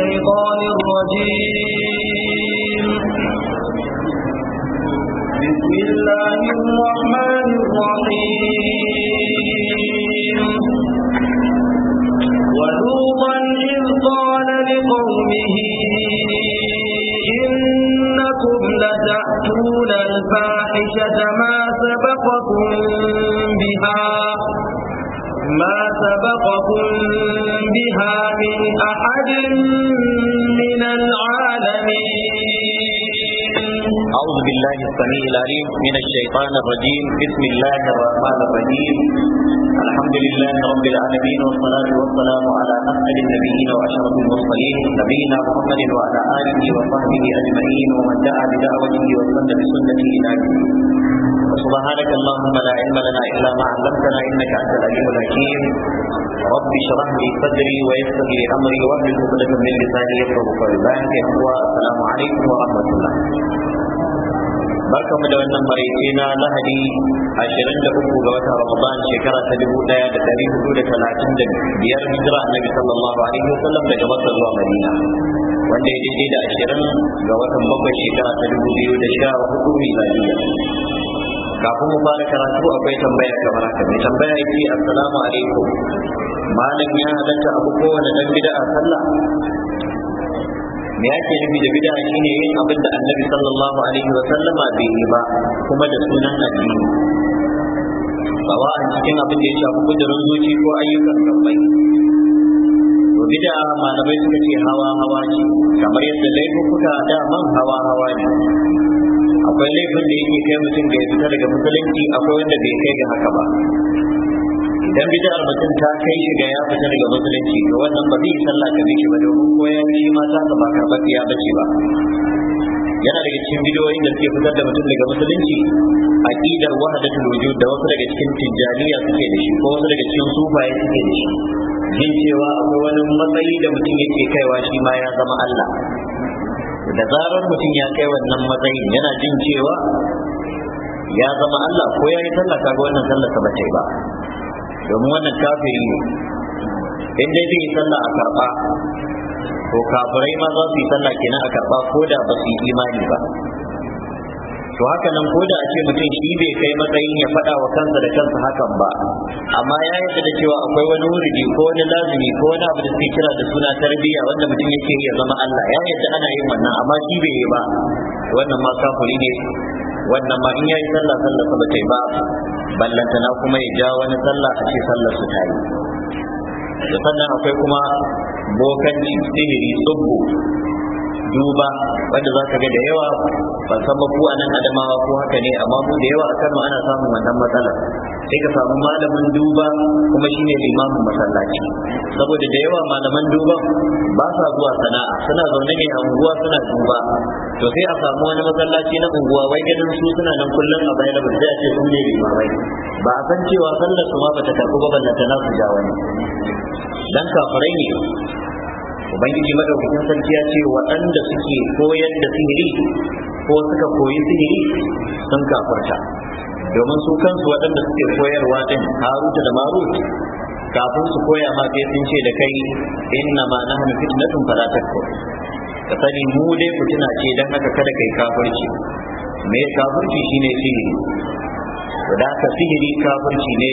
الشيطان سبقكم بها من أحد من العالمين أعوذ بالله السميع العليم من الشيطان الرجيم بسم الله الرحمن الرحيم الحمد لله رب العالمين والصلاة والسلام على أسعد النبيين وأشرف المرسلين نبينا محمد وعلى آله وصحبه أجمعين ومن دعا بدعوته وسن بسنته إلى يوم سبحانك اللهم لا علم لنا إلا ما علمتنا إنك أنت العليم الحكيم رب اشرح لي صدري ويسر لي أمري واحلل عقدة من لساني يفقه قولي بارك السلام عليكم ورحمة الله barkamu da wannan maraice na lahadi 23 ga watan ramadan shekara ta 1435 hijira annabi sallallahu alaihi wasallam daga makka zuwa madina wanda ya daidai da 20 ga watan bakwai shekara ta 2014 miladiya kafin mu fara karatu akwai tambaya kamar haka mai tambaya yake assalamu alaikum malam ya halatta abu kowane dan bid'a sallah me yake nufi da bid'a shine yin abin da annabi sallallahu alaihi wa sallama bai yi ba kuma da sunan addini an cikin abin da ya shafi kudurin zuci ko ayyukan gabbai to bid'a malamai suka ce hawa hawa ce kamar yadda laifuka da man hawa hawa ne akwai laifin da yake kai mutum ya fita daga musulunci akwai wanda bai kai ga haka ba idan bid'ar mutum ta kai shi ga ya fita daga musulunci to wannan ba zai sallah ka miki ba domin ko ya yi ma ka ba karɓar ya bace ba yana daga cikin bidiyoyin da suke fitar da mutum daga musulunci aqidar wahdatul wujud da wasu daga cikin tijjaniya suke da shi ko wasu daga cikin sufaye suke da shi jin cewa akwai wani matsayi da mutum yake kaiwa shi ma ya zama Allah da zarar mutum ya kai wannan matsayin yana jin cewa ya zama Allah ko ya yi sallah ga wannan sallah ta bace ba domin wannan kafiri ne in dai zai yi sallah a karba to kafirai ma za su yi sallah kenan a karba ko da ba su yi imani ba to haka nan ko da a ce mutum shi bai kai matsayin ya faɗa wa kansa da kansa hakan ba amma ya yarda da cewa akwai wani wuridi ko wani lazumi ko wani abu da suke kira da suna tarbiyya wanda mutum yake ya zama Allah ya yarda ana yin wannan amma shi bai yi ba wannan ma kafuri ne wannan ma in yayi sallah sallah ba ta ba ballanta na kuma ya ja wani sallah a ce sallah su ta yi sannan akwai kuma bokanci sihiri tsubbu duba wanda za ka ga da yawa ban san ba ku anan adamawa ko haka ne amma mu da yawa a kano ana samun wannan matsala sai ka samu malamin duba kuma shine limamin masallaci saboda da yawa malaman duba ba sa zuwa sana'a suna zaune ne a unguwa suna duba to sai a samu wani masallaci na unguwa wai ganin su suna nan kullum a bayan da sai a ce sun ne limamai ba a san cewa sallar su ma bata karɓi ba ballanta na su ja wani dan kafirai ne ubangiji madaukakin sarki ya ce waɗanda suke koyar da sihiri ko suka koyi sihiri sun kafurta domin su kansu waɗanda suke koyarwa din haruta da marut kafin su koya ma sai sun ce da kai inna ma nahnu fitnatun fala takfur ka sani mu dai fitina ce don haka kada kai kafirci me kafirci shine sihiri da haka sihiri kafirci ne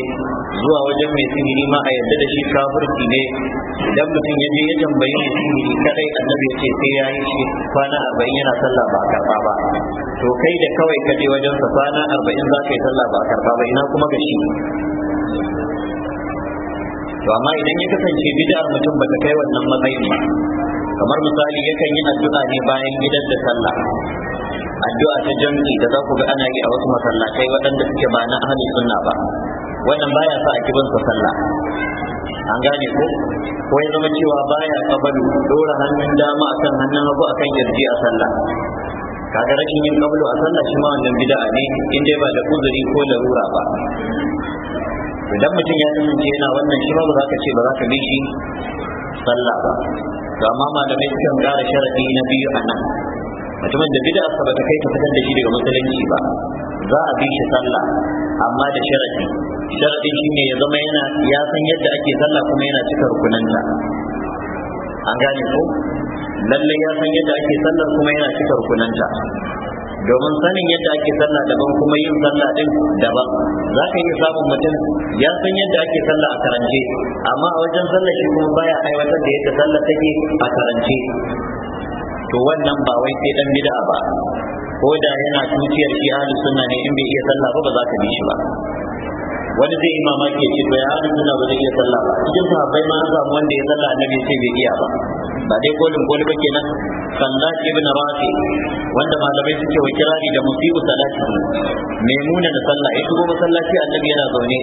zuwa wajen mai sihiri ma a yadda da shi kafirci ne idan mutum ya je ya tambayi mai sihiri kadai annabi ya ce sai ya yi shi kwana arba'in yana sallah ba a karba ba to kai da kawai ka je wajen sa kwana arba'in za ka yi sallah ba a karba ba ina kuma ka shi to amma idan ya kasance bid'ar mutum ba ta kai wannan matsayin ba kamar misali yakan yi addu'a ne bayan gidan da sallah addu'a ta jam'i da za ku ga ana yi a wasu masallatai waɗanda suke ba na ahli sunna ba wannan baya sa a kiban su sallah an gane ko ko ya zama cewa baya kabalu dora hannun dama akan hannun hagu akan yarji a sallah kaga rashin yin kabalu a sallah shi ma wannan bid'a ne in dai ba da uzuri ko larura ba idan mutum ya kasance yana wannan shi ma ba za ka ce ba za ka bi shi sallah ba to amma malamai sukan ƙara sharadi na biyu a nan mutumin da bid'a sa bata kai ta fitar da shi daga musulunci ba za a bi shi sallah amma da sharadi sharadin ne ya zama yana ya san yadda ake sallah kuma yana cika rukunanta an gane ko lalle ya san yadda ake sallar kuma yana cika rukunanta domin sanin yadda ake sallah daban kuma yin sallah din daban za ka yi samun mutum ya san yadda ake sallah a karance amma a wajen sallah shi kuma baya aiwatar da yadda sallah take a karance to wannan ba wai sai dan bid'a ba ko da yana tuciyar shi ahli sunna ne in bai iya sallah ba ba za ka bi shi ba wani zai yi ke ya ce to ya ahli sunna ba zai iya sallah ba cikin sahabbai ma an samu wanda ya sallah annabi sai bai iya ba ba dai kolin koli ba kenan sallat ibn rafi wanda malamai suke wa kirari da musibu salati Muna da sallah ya shigo masallaci annabi yana zaune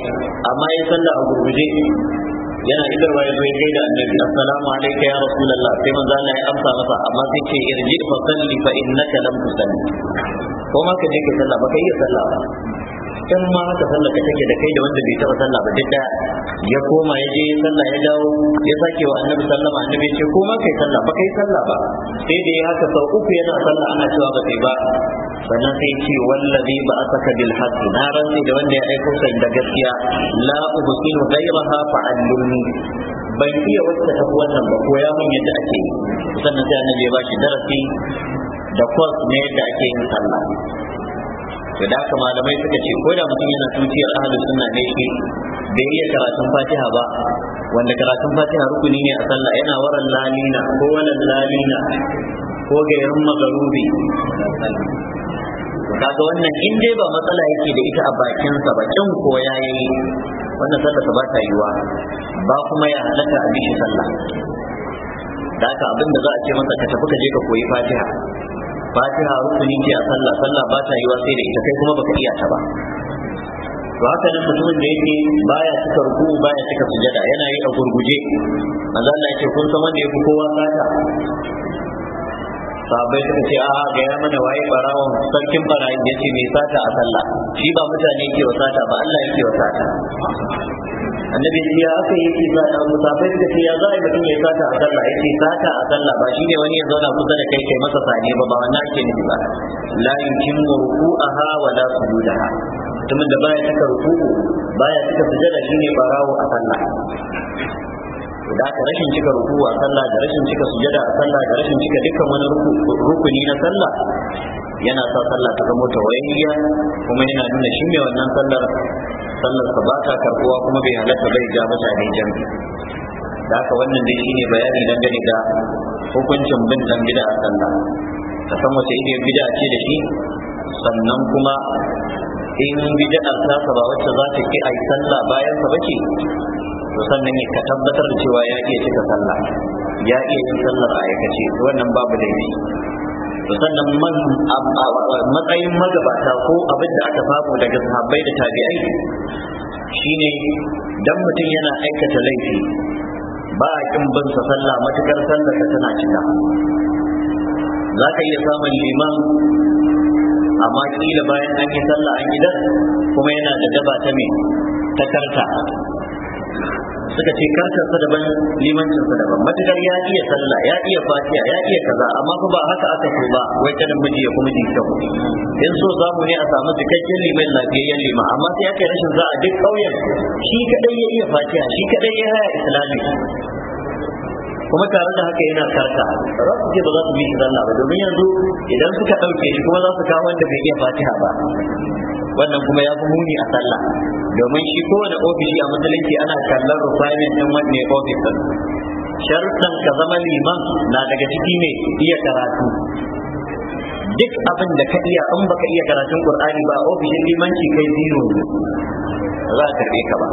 amma ya sallah a gurguje yana idarwa ya zo ya gaida annabi assalamu alayka ya rasulullah sai manzo Allah ya amsa masa amma sai ce irji fa salli fa innaka lam tusalli ko ma ka je ka sallah ba kai iya sallah ba in ma haka sallah ka take da kai da wanda bai taba sallah ba duk da ya koma ya je ya sallah ya dawo ya sake wa annabi sallama annabi ce ko ma kai sallah ba kai sallah ba sai da haka sau uku yana sallah ana cewa ba sai ba sannan sai ce wallazi ba asaka bil haqq na ranni da wanda ya aiko sai da gaskiya la ubsiru ghayraha fa allumni ban iya wata ta wannan ba ko ya mun yadda ake yi sannan sai annabi ya bashi darasi da kwas ne da ake yin sallah to da haka malamai suka ce ko da mutum yana tuciyar ahlus sunna ne shi bai iya karatun fatiha ba wanda karatun fatiha rukuni ne a sallah yana waran lalina ko wannan lalina ko gairin magarubi kaga wannan in dai ba matsala yake da ita a bakinsa ba kin koya yayi wannan sallarsa ba ta yiwa ba kuma ya halaka a mishi sallah da haka abin da za a ce masa ka tafi ka je ka koyi fatiha fatiha rukuni ce a sallah sallah ba ta yiwa sai da ita kai kuma baka iya ta ba to haka nan mutumin da yake baya cika ruku baya cika sujada yana yi a gurguje manzo Allah yake kun san wanda yake kowa sata sabai suka ce a ga ya mana waye barawon sarkin barayin ya ce mai sata a sallah shi ba mutane yake wasata ba Allah yake wasata annabi ce ya aka yi ki sata musafai suka ce ya za a yi mutum ya sata a sallah ya sata a sallah ba shine wani ya zauna kusa da kai kai masa sane ba ba wannan ake nufi ba la yukimmu ruku'aha wa la sujudaha mutumin da baya cika ruku'u baya cika sujada shine barawo a sallah da ka rashin cika ruku a sallah da rashin cika sujada a sallah da rashin cika dukkan wani rukuni na sallah yana sa sallah ta zama tawayyiya kuma yana nuna shi ne wannan sallar sallar sa ba ta karbuwa kuma bai halatta bai ja mutane jan da haka wannan dai shine bayani dangane da hukuncin bin dan gida a sallah ka san wace irin bida ce da shi sannan kuma in bid'ar ta ba wacce za ta ki ai sallah bayan sa bace to sannan ka tabbatar da cewa ya iya cika sallah ya iya yin sallar aikace wannan babu laifi to sannan matsayin magabata ko abin da aka samu daga sahabbai da tabi'ai shine dan mutum yana aikata laifi ba a kin bin sa sallah matukar sallar tana cika za ka iya samun liman amma kila bayan an yi sallah an gidan kuma yana da daba ta me ta suka ce karkarsa daban limancinsa daban matukar ya iya sallah ya iya fatiha ya iya kaza amma kuma ba haka aka so ba wai kanin miji ya kuma jin kyau in so zamu ne a samu cikakken liman lafiyayyen liman amma sai aka rashin za a duk ƙauyen shi kadai ya iya fatiha shi kadai ya haya islami kuma tare da haka yana karta ba su ce ba za su bi shi sallah ba domin yanzu idan suka ɗauke shi kuma za su kawo wanda bai iya fatiha ba wannan kuma ya fi muni a sallah domin shi kowane ofishi a musulunci ana kallon rufainin ɗin wani ofis sharuɗan ka zama liman na daga ciki ne iya karatu duk abin da ka iya in baka iya karatun qur'ani ba ofishin limanci kai zero ne za ka karbe ka ba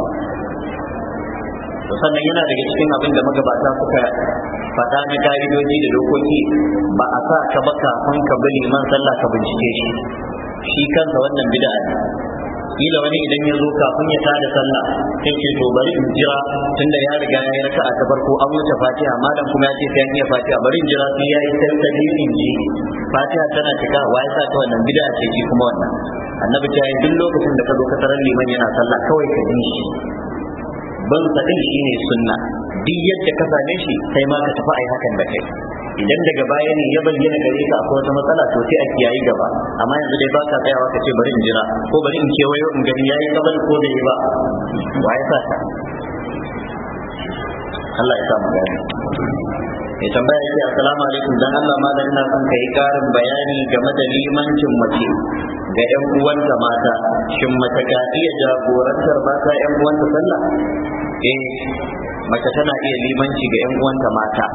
sannan yana daga cikin abin da magabata suka fata na ka'idoji da dokoki ba a sa ka ba kafin ka bi liman sallah ka bincike shi shi kansa wannan bid'a ne kila wani idan ya zo kafin ya tada sallah sai ce to bari in jira tunda ya riga ya yi raka'a ta farko an wuce fatiha madan kuma ya ce sai an iya fatiha bari in jira sai ya yi sai in ji fatiha tana cika wa ya sa ta wannan bid'a ce shi kuma wannan annabi ta yi duk lokacin da ka zo ka tarar liman yana sallah kawai ka yi. shi ban sa din ne sunna duk yadda ka same shi sai ma ka tafi ai hakan da kai idan daga baya ne ya bayyana gare ka akwai wata matsala to sai a kiyayi gaba amma yanzu dai baka tsayawa ka ce bari in jira ko bari in kewayo in gani yayi kabal ko da yi ba waye sa ta Allah ya samu gani ya tambaya yake assalamu alaikum dan Allah ma dan ina son kai karin bayani game da limancin mace ga ƴan uwanta mata shin mace ka iya jagorantar mata ƴan uwanta sallah eh mace tana iya limanci ga ƴan uwanta mata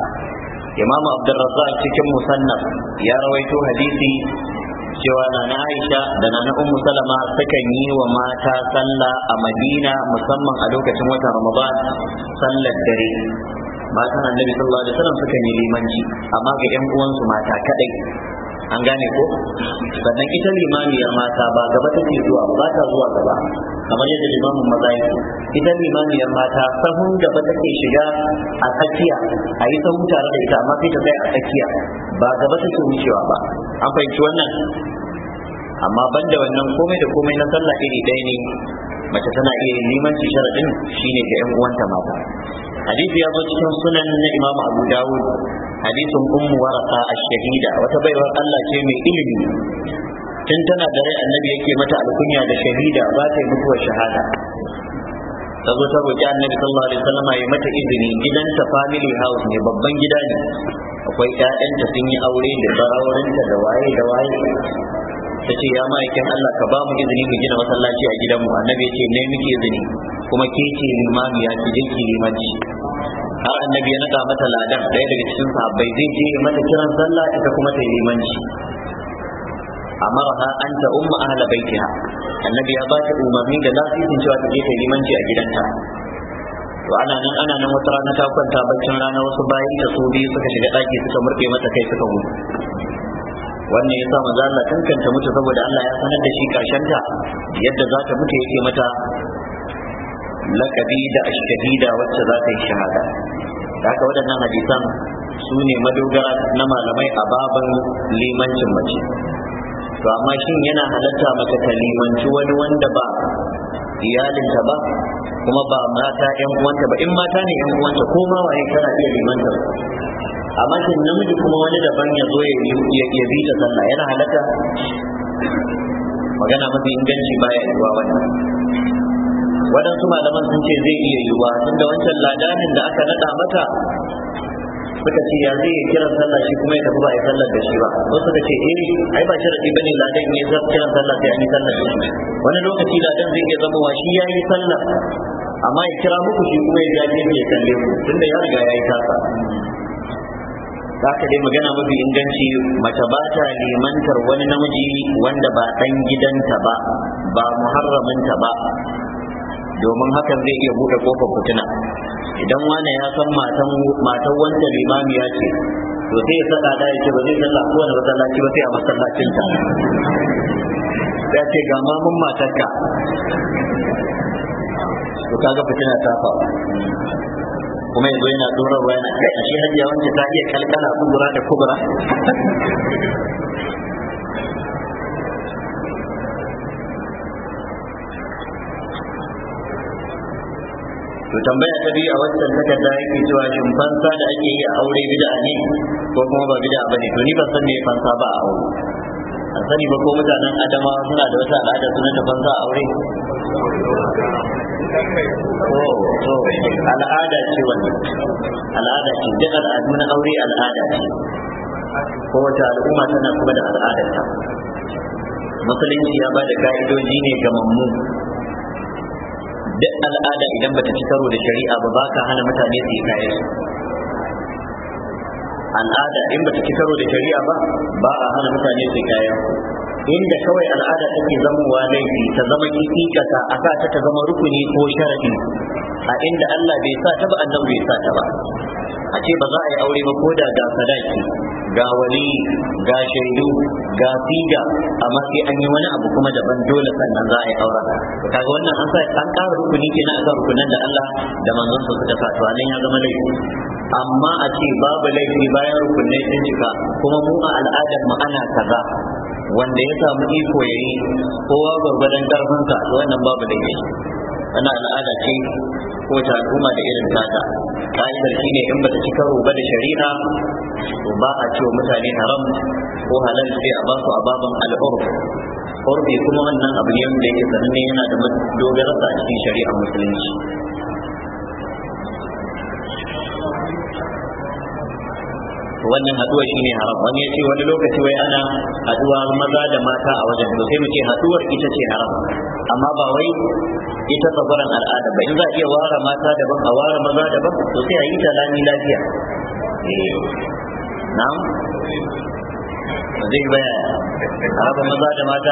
imam abdurrazzaq cikin musannaf ya rawaito hadisi cewa na na aisha da na ummu salama sukan yi wa mata sallah a madina musamman a lokacin watan ramadan sallar dare matan annabi sallallahu alaihi wasallam sukan yi limanci amma ga yan uwansu mata kadai an gane ko sannan ita limaniyar mata ba gaba take zuwa ba ta zuwa gaba kamar yadda limamin maza yake ita limamiyar mata sahun gaba take shiga a tsakiya a yi sahun tare da ita amma sai ta tsaya a tsakiya ba gaba take wucewa ba an fahimci wannan amma banda wannan komai da komai na sallah iri ɗaya ne mace tana iya yin limanci sharadin shine ga yan uwanta mata hadisi ya zo cikin sunan na imamu abu dawud hadisin ummu waraka ash-shahida wata baiwar Allah ce mai ilimi tun tana da rai annabi yake mata alkunya da shahida ba ta yi mutuwar shahada ta zo ta roƙi annabi sallallahu alaihi wasallam ya mata izini gidanta family house ne babban gida ne akwai ƴaƴanta sun yi aure da saurarenta da waye da waye ta ce ya ma'aikin Allah ka ba mu izini mu gina masallaci a gidanmu annabi ya ce ne muke izini kuma ke ce limami ya ce jinki limanci har annabi ya naka mata ladan daya daga cikin sahabbai zai je mata kiran sallah ita kuma ta yi limanci amaraha an ta umma ahla baitiha annabi ya ba ta umarni da lasisin cewa ta je ta limanci a gidanta to ana nan ana nan wata rana ta kwanta baccin rana wasu bayan da su biyu suka shiga daki suka murɗe mata kai suka gudu wannan sa maza Allah kankanta mutu saboda Allah ya sanar da shi karshen ta yadda za ta mutu yake mata lakabi da da wacce za ta yi shahada haka waɗannan hadisan su ne madogara na malamai a baban limancin mace to amma shin yana halatta mace ta limanci wani wanda ba iyalinta ba kuma ba mata yan uwanta ba in mata ne yan uwanta ko ma waye tana iya limanta amma kin namiji kuma wani daban ya zo ya bi ta sallah yana halaka magana mafi inganci baya yiwuwa wannan waɗansu malaman sun ce zai iya yiwuwa tunda wancan ladanin da aka naɗa mata suka ce ya zai kiran sallah shi kuma ya tafi ba a yi sallar da shi ba wasu suka ce eh ai ba sharadi bane ladan ne zai kiran sallah sai an yi sallar da shi wani lokaci ladan zai iya zama wa shi ya yi sallah amma ya kira muku shi kuma ya jaje ya kalle ku tunda ya riga ya yi tasa za dai magana mafi inganci mace ba ta limantar wani namiji wanda ba ɗan gidanta ba ba muharraminta ba domin hakan zai iya buɗe kofar fitina idan wani ya san matan matan wanda limami ya ce to sai ya saka da ya ce ba zai sallah ko wani masallaci ba sai a masallacin ta ya ce ga mamun matarka to kaga fitina ta faru kuma yanzu yana tsoron ruwa yana kai shi hajiya wanda ta iya kalkala kubura da kubura to tambaya ta biyu a wancan takarda yake cewa shin fansa da ake yi a aure bid'a ne ko kuma ba bid'a ne to ni ban san me fansa ba a aure an sani ba ko mutanen adama suna da wata al'ada suna da fansa a aure to al'ada ce wannan al'ada ce duk al'adu na aure al'ada ce kowace al'umma tana kuma da al'adarta musulunci ya ba da ka'idoji ne ga mammu duk al'ada idan bata ci karo da shari'a ba ba ka hana mutane su yi kayan al'ada in bata ci karo da shari'a ba ba a hana mutane su yi kayan inda kawai al'ada take zamowa laifi ta zama kikikasa a sa ta ta zama rukuni ko sharadi a inda Allah bai sa ta ba annabi bai sa ta ba a ce ba za a yi aure ba ko da ga sadaki ga wali ga shaidu ga siga amma sai an yi wani abu kuma daban dole sannan za a yi aure kaga wannan an sa an ƙara rukuni kenan akan rukunan da Allah da manzon sa suka sa to ya zama laifi amma a ce babu laifi bayan rukunai sun cika kuma mu a al'adar mu ana kaza wanda ya samu iko ya yi kowa gwargwadon karfinsa wannan babu laifi wannan al'ada ce Ko kowace al'umma da irin tata ka'idar ne in ba ci karo ba da shari'a to ba a cewa mutane haram ko halal sai a ba su ababan al'urf urfi kuma wannan abu ne da yake sananne yana da dogararsa a cikin shari'ar musulunci wannan haduwa ne haram wani ya ce wani lokaci wai ana haduwa maza da mata a wajen to sai mu ce haduwar ita ce haram amma ba wai ita tsabaran al'ada ba in za a iya ware mata daban a ware maza daban to sai a yi ta lami lafiya eh, na'am zai baya haraba maza da mata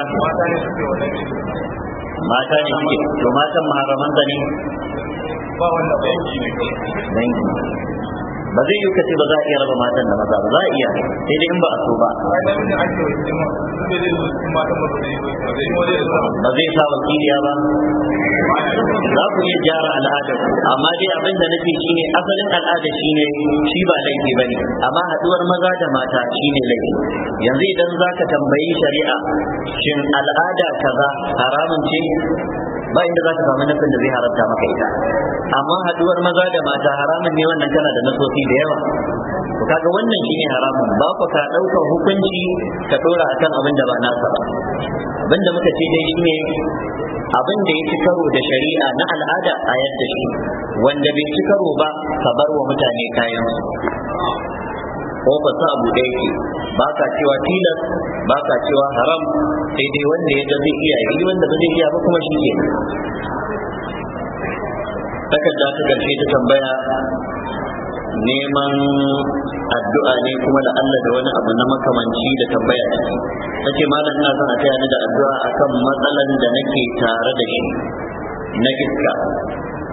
mata ne suke to matan maharamanta ne ba wanda ba yanki ne ba zai yi kace ba za a iya raba matan da maza ba za a iya sai dai in ba a so ba ba zai sa wakiliya ba za ku iya gyara al'adar amma dai abin da nake shine asalin al'ada shine shi ba laifi ne. amma haɗuwar maza da mata shine laifi yanzu idan zaka tambayi shari'a shin al'ada kaza haramun ce ba inda za ka samu nufin da zai haramta maka ita amma haduwar maza da mata haramun ne wannan tana da nasosi da yawa Ku kaga wannan ne haramun ba ku ka ɗaukar hukunci ka tsora akan abin da ba nasa ba abin muka ce dai ne, abin da ya ci karo da shari'a na al'ada a yadda shi wanda bai ci karo ba ka bar wa mutane kayan ko ba sa abu da yake ba ka cewa tilas ba ka cewa haram sai dai wanda ya ga zai iya yi wanda ba zai iya ba kuma shi ke takarda ta karshe ta tambaya neman addu'a ne kuma da Allah da wani abu na makamanci da tambaya ce ta ce malam ina son a taya ni da addu'a akan matsalan da nake tare da shi na iska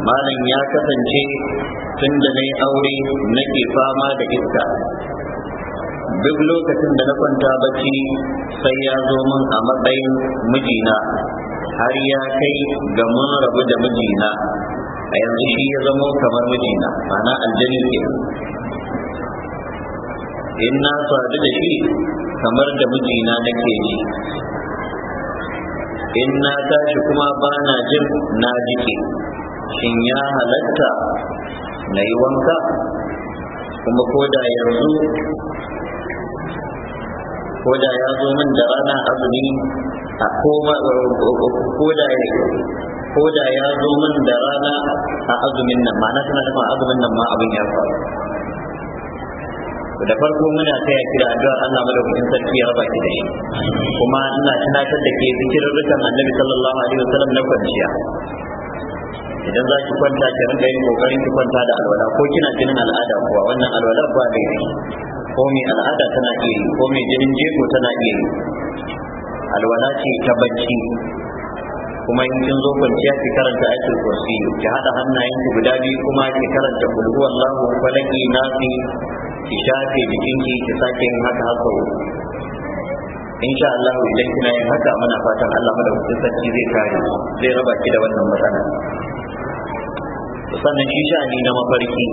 malam ya kasance tun da na yi aure nake fama da iska duk lokacin da na kwanta bacci sai ya zo min a matsayin mijina har ya kai ga mun rabu da mijina a yanzu shi ya zama kamar mijina ma'ana aljani ke in na sadu da shi kamar da mijina nake ji in na tashi kuma ba na jin na jike shin ya halatta na yi wanka kuma ko da yanzu ko da ya zo min da rana azumi ko da ko da ya zo min da rana a azumin nan ma'ana tana nufin azumin nan ma abin ya faru da farko muna ta ya kira addu'a Allah madaukakin sarki ya raba ki da shi kuma ina tunatar da ke rukan Annabi sallallahu alaihi wasallam na kwanciya idan za ki kwanta ki rinka yin kokarin ki kwanta da alwala ko kina jinin al'ada kuwa wannan alwala ba daidai ko mai al'ada tana iri ko mai jirin jego tana iri alwala ce ta bacci kuma in kin zo kwanciya ki karanta aikin kursi ki hada hannayen ku guda biyu kuma ki karanta kul huwallahu falaki nasi ki shafe jikin ki ki sake yin haka haka insha Allah idan kina yin haka mana fatan Allah madaukakin sarki zai kare zai raba ki da wannan matsala sannan shi sha'ani na mafarki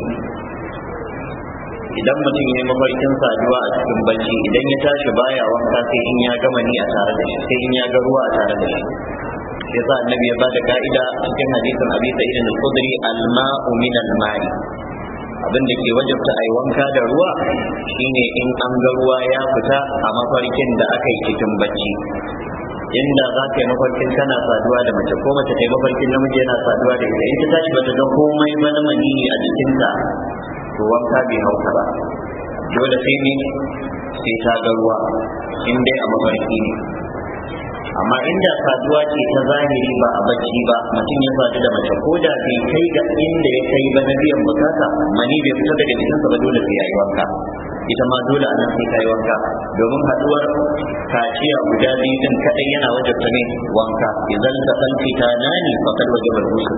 idan mutum ya yi mafarkin saduwa a cikin bacci idan ya tashi baya wanka sai in ya gama ni a tare da shi sai in ya ga ruwa a tare da shi ya sa annabi ya bada ka'ida cikin hadisin abi sa'id al-khudri al-ma'u min al-ma'i abin da ke wajabta a yi wanka da ruwa shine in an ga ruwa ya fita a mafarkin da aka yi cikin bacci inda za ka yi mafarkin kana saduwa da mace ko mace ta yi mafarkin namiji yana saduwa da ita in ta tashi ta ga komai ba na maniyyi a jikinta to wanka bai hauka ba dole sai ne sai ta ga ruwa in dai a mafarki ne amma inda saduwa ce ta zahiri ba a bacci ba mutum ya sadu da mace ko da bai kai ga inda ya kai ba na biyan bukata mani bai fita daga jikinsa ba dole sai ya yi wanka ita ma dole a nan sai ta yi wanka domin haduwar kaciya guda biyu din kaɗai yana wajabta ne wanka idan da ta fita nani fakar wajabar gusul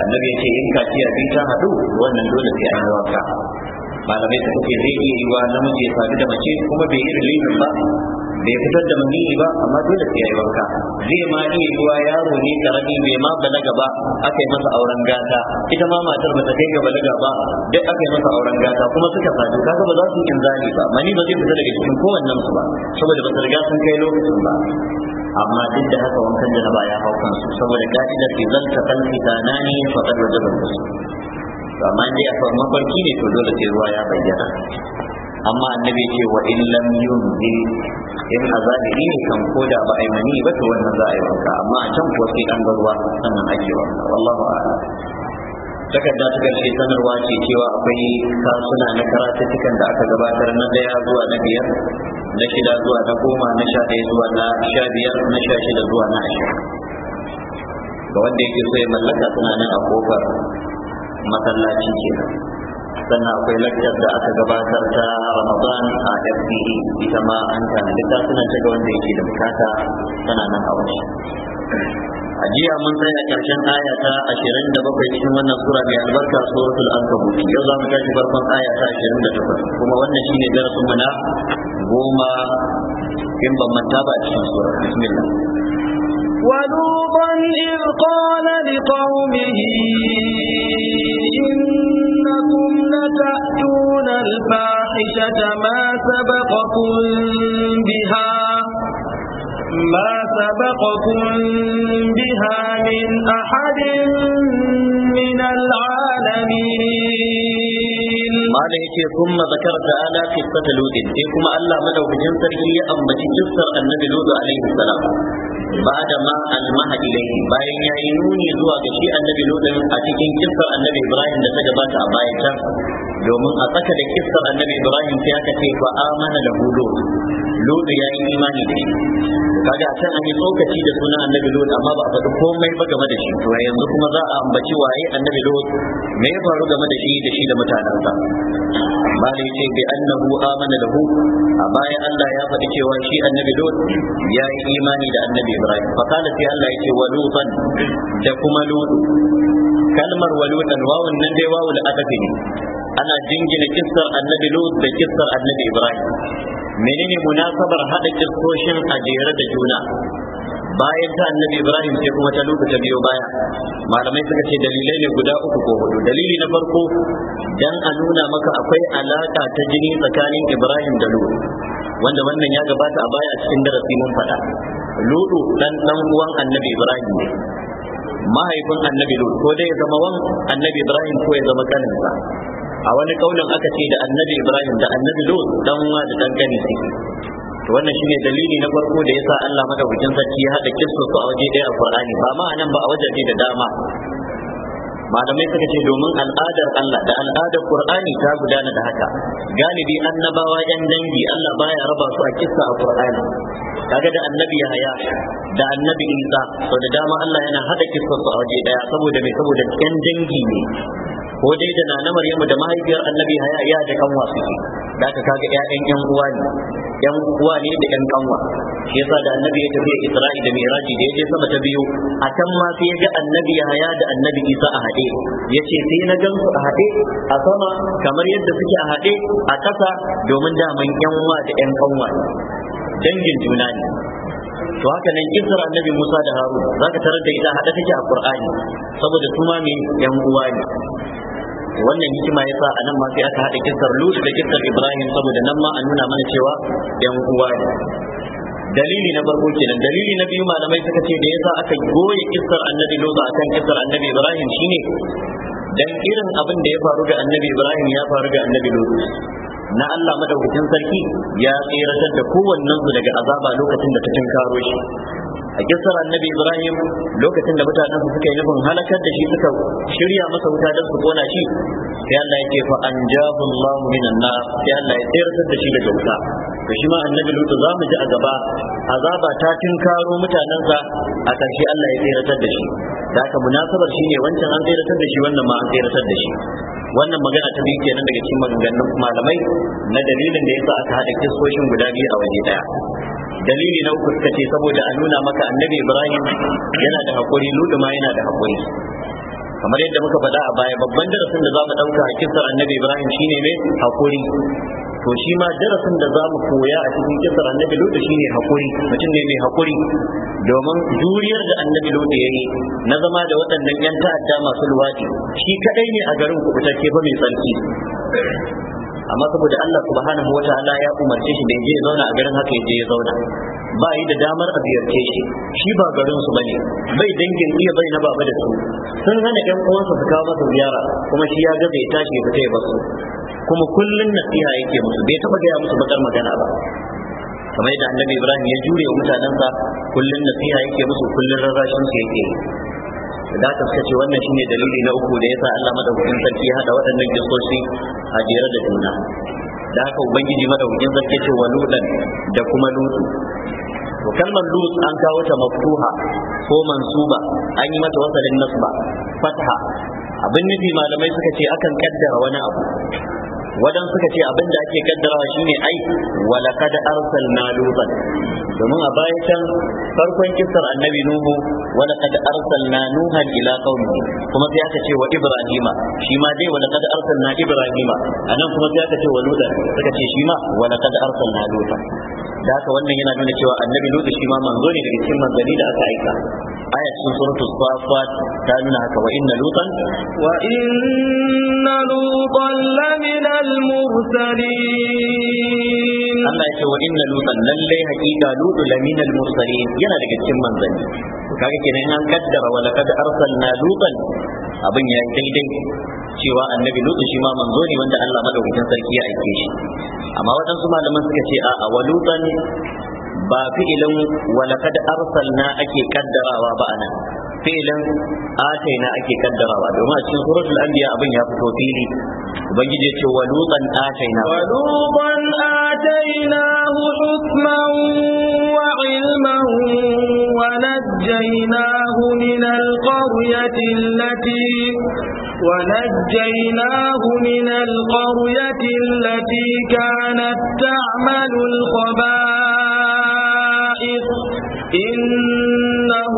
annabi ya ce in kaciya biyu ta haɗu wannan dole sai an wanka malamai suka kuke zai iya wa namiji ya sadu da mace kuma bai yi rilifin ba bai fitar da maniyi ba amma dole sai ya yi wanka zai ma iya yiwa yaro ne karami bai ma balaga ba aka yi masa auren gata ita ma matar ba ta kai ga balaga ba duk aka yi masa auren gata kuma suka sadu kaga ba za su yi inzali ba mani ba zai fita daga cikin kowannen su ba saboda ba su riga sun kai lokacin ba amma duk da haka wankan janaba ya hau kansu saboda ka'idar zan ta kalfi tanani fa da wajaba gusul to amma dai a farkon ne to dole sai ruwa ya bayyana amma annabi ce wa in lam yunzi in ne kan koda ba a yi mani ba to wannan za a yi wanka amma a can kuwa sai dan ruwa sannan ake wanka wallahu takarda ta karshe sanarwa ce cewa akwai kasuna na karatuttukan da aka gabatar na daya zuwa na biyar na shida zuwa na goma na sha ɗaya zuwa na sha biyar na sha shida zuwa na ashirin ga wanda yake so ya mallaka tunanin a kofar masallaci kenan sannan akwai lakcar da aka gabatar ta ramadan a fde ita ma an tanadi ta suna shiga wanda yake da bukata tana nan a wani a jiya mun a karshen aya ta bakwai cikin wannan sura mai albarka suratul bude. yau za mu tashi farkon aya ta takwas, kuma wannan shine darasin mu na goma in ban manta ba cikin sura bismillah ولوطا إذ قال لقومه إنكم لتأتون الفاحشة ما سبقكم بها ما سبقكم بها من أحد من العالمين ما لهيكي ثم ذكرت تعالى قصة لود إيكم ألا مدوك جنسر إلي أم بجنسر النبي لود عليه السلام ba'da ma almaha ilayhi bayan yayi nuni zuwa ga shi annabi lokacin a cikin kissar annabi ibrahim da ta gabata a bayan domin a tsaka da kissar annabi ibrahim sai aka ce fa amana lahu lut lut ya yi imani da shi kaga a can an yi tsokaci da suna annabi lut amma ba a faɗi komai ba game da shi to yanzu kuma za a ambaci waye annabi lut me ya faru game da shi da shi da mutanensa amma da yace bi annahu amana lahu a baya Allah ya faɗi cewa shi annabi lut ya yi imani da annabi ibrahim fa kana sai Allah ya ce wa lutan da kuma lut kalmar walutan wawun nan dai wawul adabi ne ana jingina kissar annabi lut da kissar annabi ibrahim menene munasabar hada kissoshin a jere da juna bayan ta annabi ibrahim sai kuma ta lutu biyo baya malamai suka ce dalilai ne guda uku ko hudu dalili na farko dan a nuna maka akwai alaka ta jini tsakanin ibrahim da lut wanda wannan ya gabata a baya cikin darasi mun faɗa lutu dan dan uwan annabi ibrahim ne mahaifin annabi lut ko dai zama wan annabi ibrahim ko ya zama kaninsa a wani kaunin aka ce da annabi ibrahim da annabi lut dan uwa da dan gani suke to wannan shine dalili na farko da yasa Allah madaukakin sarki ya hada kisso su a waje ɗaya a Qur'ani ba ma anan ba a wajaje da dama malamai suka ce domin al'adar Allah da al'adar Qur'ani ta gudana da haka galibi annabawa yan dangi Allah baya raba su a kissa a Qur'ani kaga da annabi Yahaya da annabi Isa to da dama Allah yana hada kissa su a waje daya saboda me saboda yan dangi ne ko dai da nana maryamu da mahaifiyar annabi haya ya da kanwa suke da ka kaga ƴaƴan ƴan uwa ne ƴan uwa ne da ƴan kanwa shi yasa da annabi ya tafi isra'i da miraji da yaje sama ta biyu a can ma sai ga annabi haya da annabi isa a haɗe yace sai na gan su a haɗe a sama kamar yadda suke a haɗe a ƙasa domin daman ƴan uwa da ƴan kanwa dangin juna ne to haka nan kisar annabi Musa da Harun zaka tarar da ita hada take a Qur'ani saboda su ma me yan uwa ne wannan hikima yasa a nan ma sai aka haɗa kisar Lut da kisar Ibrahim saboda nan ma an nuna mana cewa yan uwa ne dalili na farko kenan dalili na biyu malamai suka ce da ya sa aka goye kisar annabi Lut akan kisar annabi Ibrahim shine dan irin abin da ya faru ga annabi Ibrahim ya faru ga annabi Lut na Allah madaukakin sarki ya tseratar da kowannensu daga azaba lokacin da ta tunkaro shi a kisar annabi ibrahim lokacin da mutanensa suka yi nufin halakar da shi suka shirya masa wuta don su kona shi sai Allah ya ce fa anjahu Allah minan nar sai Allah ya tsayar da shi daga wuta to shi ma annabi lutu za mu ji a gaba azaba ta tinkaro mutanensa a ƙarshe Allah ya tsayar da shi da haka munasabar shine wancan an tsayar da shi wannan ma an tsayar da shi wannan magana ta biyu kenan daga cikin maganganun malamai na dalilin da yasa aka haɗa kisoshin guda biyu a waje ɗaya. dalili na uku suka saboda a nuna maka annabi ibrahim yana da hakuri ludu ma yana da hakuri kamar yadda muka faɗa a baya babban darasin da za mu ɗauka a kisar annabi ibrahim shine ne hakuri to shi ma darasin da za koya a cikin kisar annabi lutu shine hakuri mutum ne mai hakuri domin juriyar da annabi ludu ya yi na zama da waɗannan yan ta'adda masu luwaɗi shi kaɗai ne a garin ke ba mai tsarki amma saboda Allah subhanahu ta'ala ya umarce shi da je ya zauna a garin haka ya je ya zauna ba yi da damar a ziyarce shi shi ba garin su bane bai dangin iya bai na baba da su sun hana ɗan uwansa su kawo masa ziyara kuma shi ya gaza ya tashi ya fita ya basu kuma kullun nasiha yake musu bai taɓa gaya musu bakar magana ba kamar yadda annabi ibrahim ya jure wa mutanensa kullun nasiha yake musu kullun rarrashin su yake da ta suka ce wannan shine dalili na uku da yasa Allah madaukakin sarki ya hada waɗannan kisoshi a jere da juna da haka ubangiji madaukakin sarki ce wa ludan da kuma lutu to kalmar lut an kawo ta maftuha ko mansuba an yi mata wasalin nasba fatha abin nufi malamai suka ce akan kaddara wani abu wadan suka ce abin da ake kaddarawa shine ai wala walaqad arsalna lutan domin a baya can farkon kissar annabi nuhu kada arsalna nuhan ila qaumi kuma sai aka ce wa ibrahima shi ma dai kada arsalna ibrahima anan kuma sai aka ce wa lutan suka ce shi ma walaqad arsalna lutan da haka wannan yana nuna cewa annabi lutu shi ma manzo ne daga cikin manzanni da aka aika aya cikin suratu safat ta nuna haka wa inna lutan wa inna lutan lamin al-mursalin Allah ya ce wa inna lutan lalle hakika lutu lamin al-mursalin yana daga cikin manzanni kaga kenan an kaddara wa laqad arsalna lutan abin ya yi daidai cewa annabi lutu shi ma manzo ne wanda Allah madaukakin sarki ya aike shi amma waɗansu malaman suka ce a walutan ba fi'ilan wa laqad arsalna ake kaddarawa ba anan fi'ilin ataina ake kaddarawa domin a cikin suratul anbiya abin ya fito fili ubangiji ya ce wa lutan ataina wa lutan ataina hukman wa ilman wa najjaynahu min alqaryati allati ونجيناه من القرية التي كانت تعمل الخبائث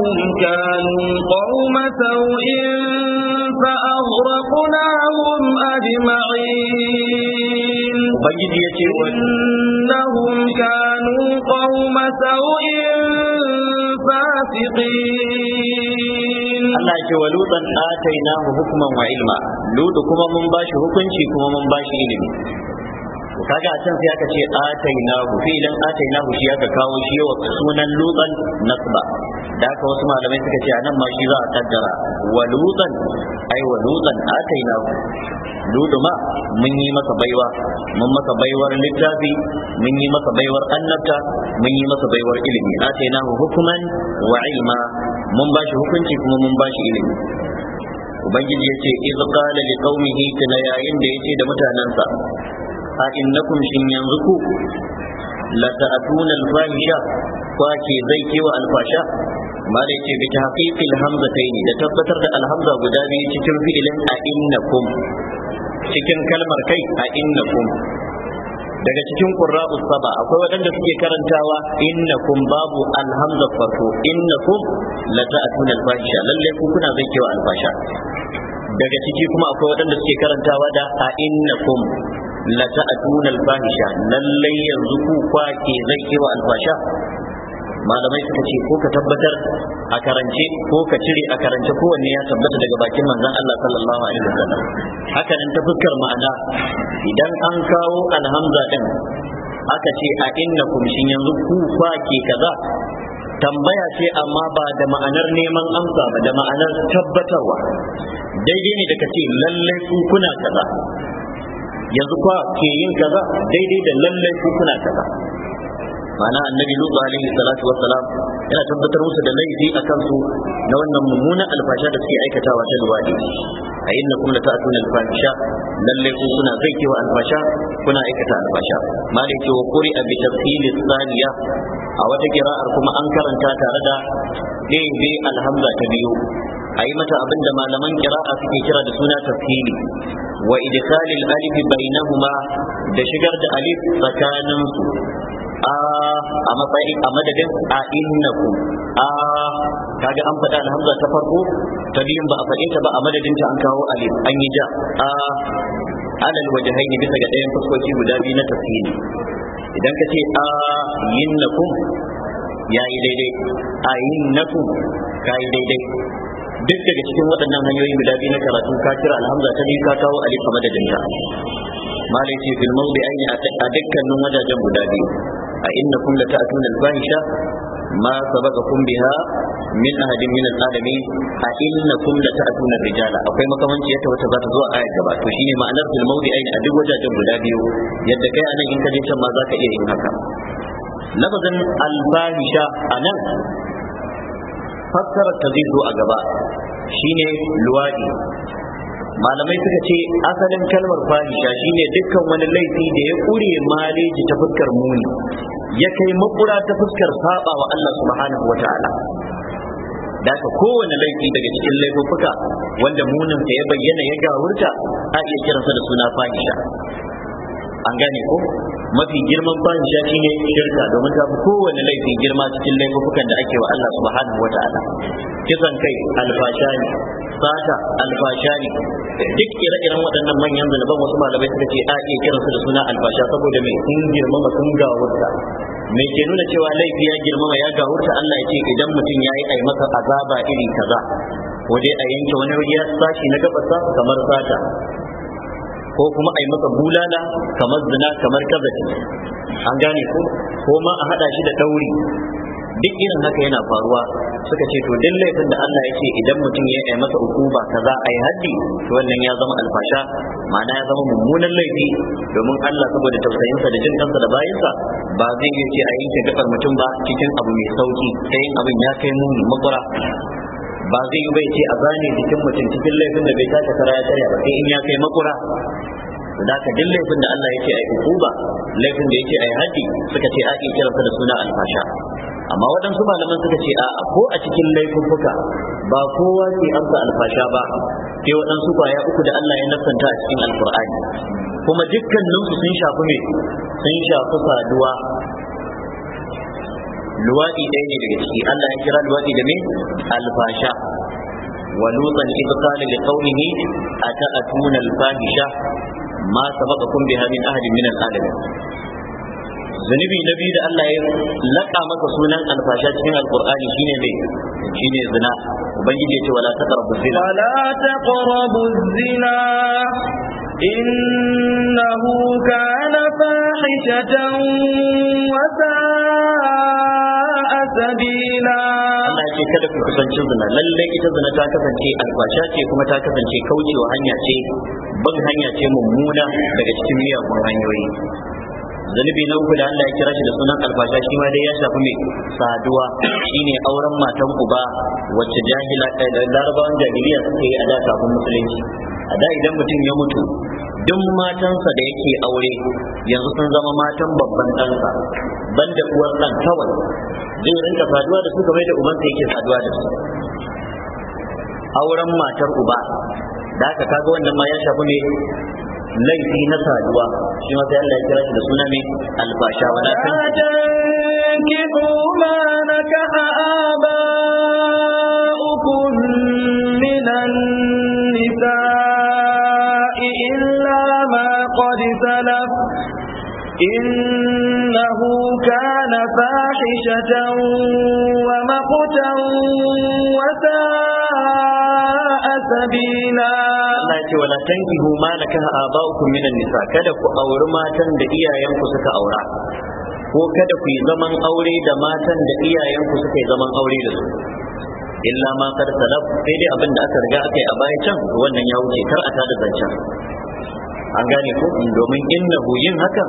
إنهم كانوا قوم سوء فأغرقناهم أجمعين إنهم كانوا قوم سوء فاسقين Allah ce wa lutan atainahu hukman wa ilma lutu kuma mun bashi hukunci kuma mun bashi ilimi kaga a can sai aka ce idan atai atainahu shi aka kawo shi yawa sunan lutan nasba da aka wasu malamai suka ce anan ma shi za a kaddara wa lutan ai wa lutan atainahu ludu ma mun yi masa baiwa mun masa baiwar littafi mun yi masa baiwar annabta mun yi masa baiwar ilimi atainahu hukuman wa ilma mun ba shi hukunci kuma mun ba shi ilimi ubangiji ya ce iz qala liqaumihi kana yayin da yace da mutanansa a innakum shin yanzu ku la ta'tuna al-fahisha ko ke zai kewa al-fasha mala ce bi tahqiqil hamzataini da tabbatar da al-hamza guda biyu cikin fi'ilin a innakum cikin kalmar kai a innakum daga cikin qurra'u saba akwai waɗanda suke karantawa innakum babu alhamza farko innakum la ta'tun fahisha, lalle ku kuna zakewa alfasha daga ciki kuma akwai waɗanda suke karantawa da a innakum la ta'tuna al-fahisha lallai yanzu ku kwake zai kiwa al-fasha malamai suka ce ko ka tabbatar a karance ko ka cire a karance kowanne ya tabbata daga bakin manzon Allah sallallahu alaihi wasallam haka nan ta fuskar ma'ana idan an kawo alhamza din aka ce a innakum shin yanzu ku ke kaza tambaya ce amma ba da ma'anar neman amsa ba da ma'anar tabbatarwa daidai ne da kace lallai ku kuna kaza yanzu kwa ke yin kaza daidai da lallai ku kuna kaza ma'ana annabi lutu alaihi salatu wassalam yana tabbatar musu da laifi a kansu na wannan mummunan alfasha da suke aikatawa ta luwadi a yin na kuma ta ta'atun alfasha lalle ku kuna zaikewa alfasha kuna aikata alfasha malai ke wa a bi tafsili saniya a wata kira'ar kuma an karanta tare da ɗebe alhamza ta biyu a yi mata abin da malaman kira'a suke kira da suna tafsiri wa idkhalil alif bainahuma da shigar da alif tsakanin su a a matsayin a madadin a innaku a kaga an faɗa alhamza ta farko ta biyun ba a faɗe ta ba a madadin ta an kawo alif an yi ja a alal ne bisa ga ɗayan fuskoki guda biyu na tafsiri idan ka ce a yinnakum ya yi daidai a yinnakum ka yi daidai duk daga cikin waɗannan hanyoyin guda biyu na karatu ka kira alhamza ta biyu ka kawo alif da ta malai ce fil mawdi aini a dukkanin wajajen guda biyu a inna kun la ta'tuna al-fahisha ma kun biha min ahadin min al-alamin a inna kun la ta'tuna rijala akwai makamanci yadda wata za ta zo a ayar gaba to shine ma'anar fil mawdi aini a duk wajajen guda biyu yadda kai anan in ka je can ma za ka iya yin haka lafazin al-fahisha anan fassarar ta zai zo a gaba shine luwadi malamai suka ce asalin kalmar fahisha shine dukkan wani laifi da ya ƙure maleji ta fuskar muni ya kai makura ta fuskar saba wa Allah subhanahu wa ta'ala da ka kowane laifi daga cikin laifuffuka wanda munin ta ya bayyana ya gawurta a iya kiransa da suna fahisha an gane ko mafi girman fahisha shine shirka domin ta fi kowane laifin girma cikin laifukan da ake wa Allah subhanahu wataala kisan kai alfasha ne sata alfasha ne duk ire-iren waɗannan manyan zunuban wasu malamai suka ce a iya kiransu da suna alfasha saboda mai sun girmama sun gawurta mai ke nuna cewa laifi ya girmama ya gawurta Allah ya ce idan mutum ya yi a masa azaba iri kaza waje a yanke wani waje sashi na gabasa kamar sata ko kuma a yi masa bulala kamar zina kamar kaza an gane ko ko ma a hada shi da ɗauri duk irin haka yana faruwa suka ce to duk laifin da Allah ya ce idan mutum ya yi masa hukuma kaza a yi haddi to wannan ya zama alfasha ma'ana ya zama mummunan laifi domin Allah saboda tausayinsa da jin kansa da bayinsa ba zai iya ce a yi gafar mutum ba cikin abu mai sauki sai abin ya kai mun makura. ba zai yi bai ce a zane jikin mutum cikin laifin da bai taka kara ya ba sai in ya kai makura da ka duk laifin da Allah yake ai hukuma laifin da yake ai haddi suka ce a kira da suna alfasha amma waɗansu malaman suka ce a ko a cikin laifuffuka ba kowa ke amsa alfasha ba sai waɗansu kwaya uku da Allah ya nasanta a cikin alkur'ani kuma dukkaninsu sun shafi me sun shafi saduwa luwaɗi ɗaya ne daga ciki Allah ya kira luwaɗi da me alfasha ولوطا إذ قال لقومه أتأتون الفاحشة ما سبقكم بها من أحد من العالمين zunubi na biyu da Allah ya laka maka sunan alfasha cikin alkur'ani shine mai shine zina ubangiji ya ce wala taqrabu zina إنه كان فاحشة وساء سبيلا Allah ce kada ku kusanci zina lallai ita zina ta kasance albasha ce kuma ta kasance kaucewa hanya ce bin hanya ce mummuna daga cikin miyagun hanyoyi zunubi na uku da Allah ya kira shi da sunan albasha shi ma dai ya shafi mai saduwa shine auren matan uba wacce jahila eh, larabawan jahiliya suke yi a da kafin musulunci a da idan mutum ya mutu duk matansa da yake aure yanzu sun zama matan babban ɗansa da uwar ɗan kawai zai rinka saduwa da su kamar da ubansa yake saduwa da su auren matar uba da aka kaga wannan ma ya shafi ne laifi na saduwa shi ma sai Allah ya kira shi da suna ne albasha wala na ma nisa' سلف إنه كان فاحشة ومقتا وساء سبيلا ce wala tankihu ma nakaha aba'ukum minan nisa kada ku auri matan da iyayenku suka aura ko kada ku yi zaman aure da matan da iyayenku suka yi zaman aure da su illa ma kar salaf sai dai abin da aka riga aka yi a bayan can wannan ya wuce kar a tada zancen an gane ko domin innahu yin hakan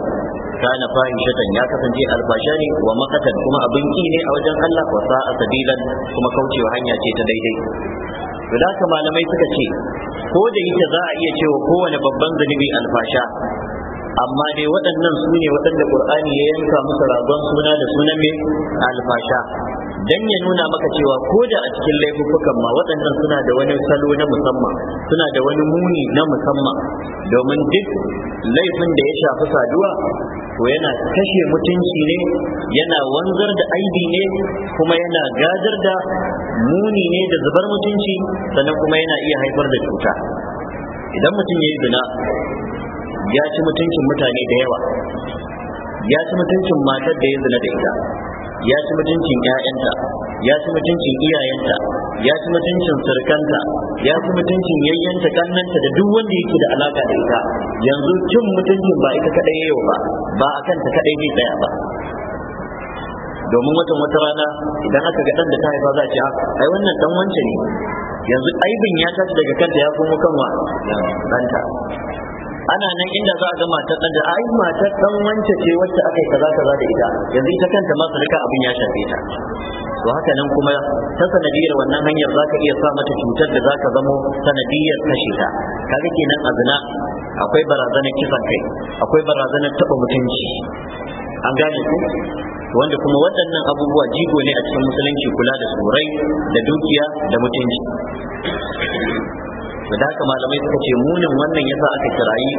kana fahishatan ya kasance alfasha ne wa makatan kuma abin ki ne a wajen Allah wa sa'a sabilan kuma kaucewa hanya ce ta daidai to da haka malamai suka ce ko da yake za a iya cewa kowane babban zunubi alfasha amma dai waɗannan su ne waɗanda ƙur'ani ya yanka musu ragon suna da sunan mai alfasha dan ya nuna maka cewa ko da a cikin laifukan ma waɗannan suna da wani salo na musamman suna da wani muni na musamman domin duk laifin da ya shafi saduwa to yana kashe mutunci ne yana wanzar da aibi ne kuma yana gadar da muni ne da zubar mutunci sannan kuma yana iya haifar da cuta idan mutum ya yi zina ya ci mutuncin mutane da yawa ya ci mutuncin matar da ya zina da ita ya ci mutuncin ƴaƴanta ya ci mutuncin iyayenta ya ci mutuncin sarkanta ya ci mutuncin yayyanta kannanta da duk wanda yake da alaka da ita yanzu cin mutuncin ba ita kadai yau ba ba a kanta kadai zai tsaya ba domin watan wata rana idan aka ga dan da ta haifa za a ce ah, ai wannan dan wance ne yanzu aibin ya tashi daga kanta ya kuma kanwa danta ana nan inda za a ga matar ɗan da ai matar ɗan wance ce wacce aka yi kaza kaza da ita yanzu ita kanta ma rika abin ya shafe ta to haka nan kuma ta sanadiyar wannan hanyar za ka iya sa mata cutar da za ka zamo sanadiyar kashe ta kaga kenan a zina akwai barazanar kisan kai akwai barazanar taɓa mutunci an gane ku wanda kuma waɗannan abubuwa jigo ne a cikin musulunci kula da tsorai da dukiya da mutunci da haka malamai suka ce munin wannan yasa aka kirayi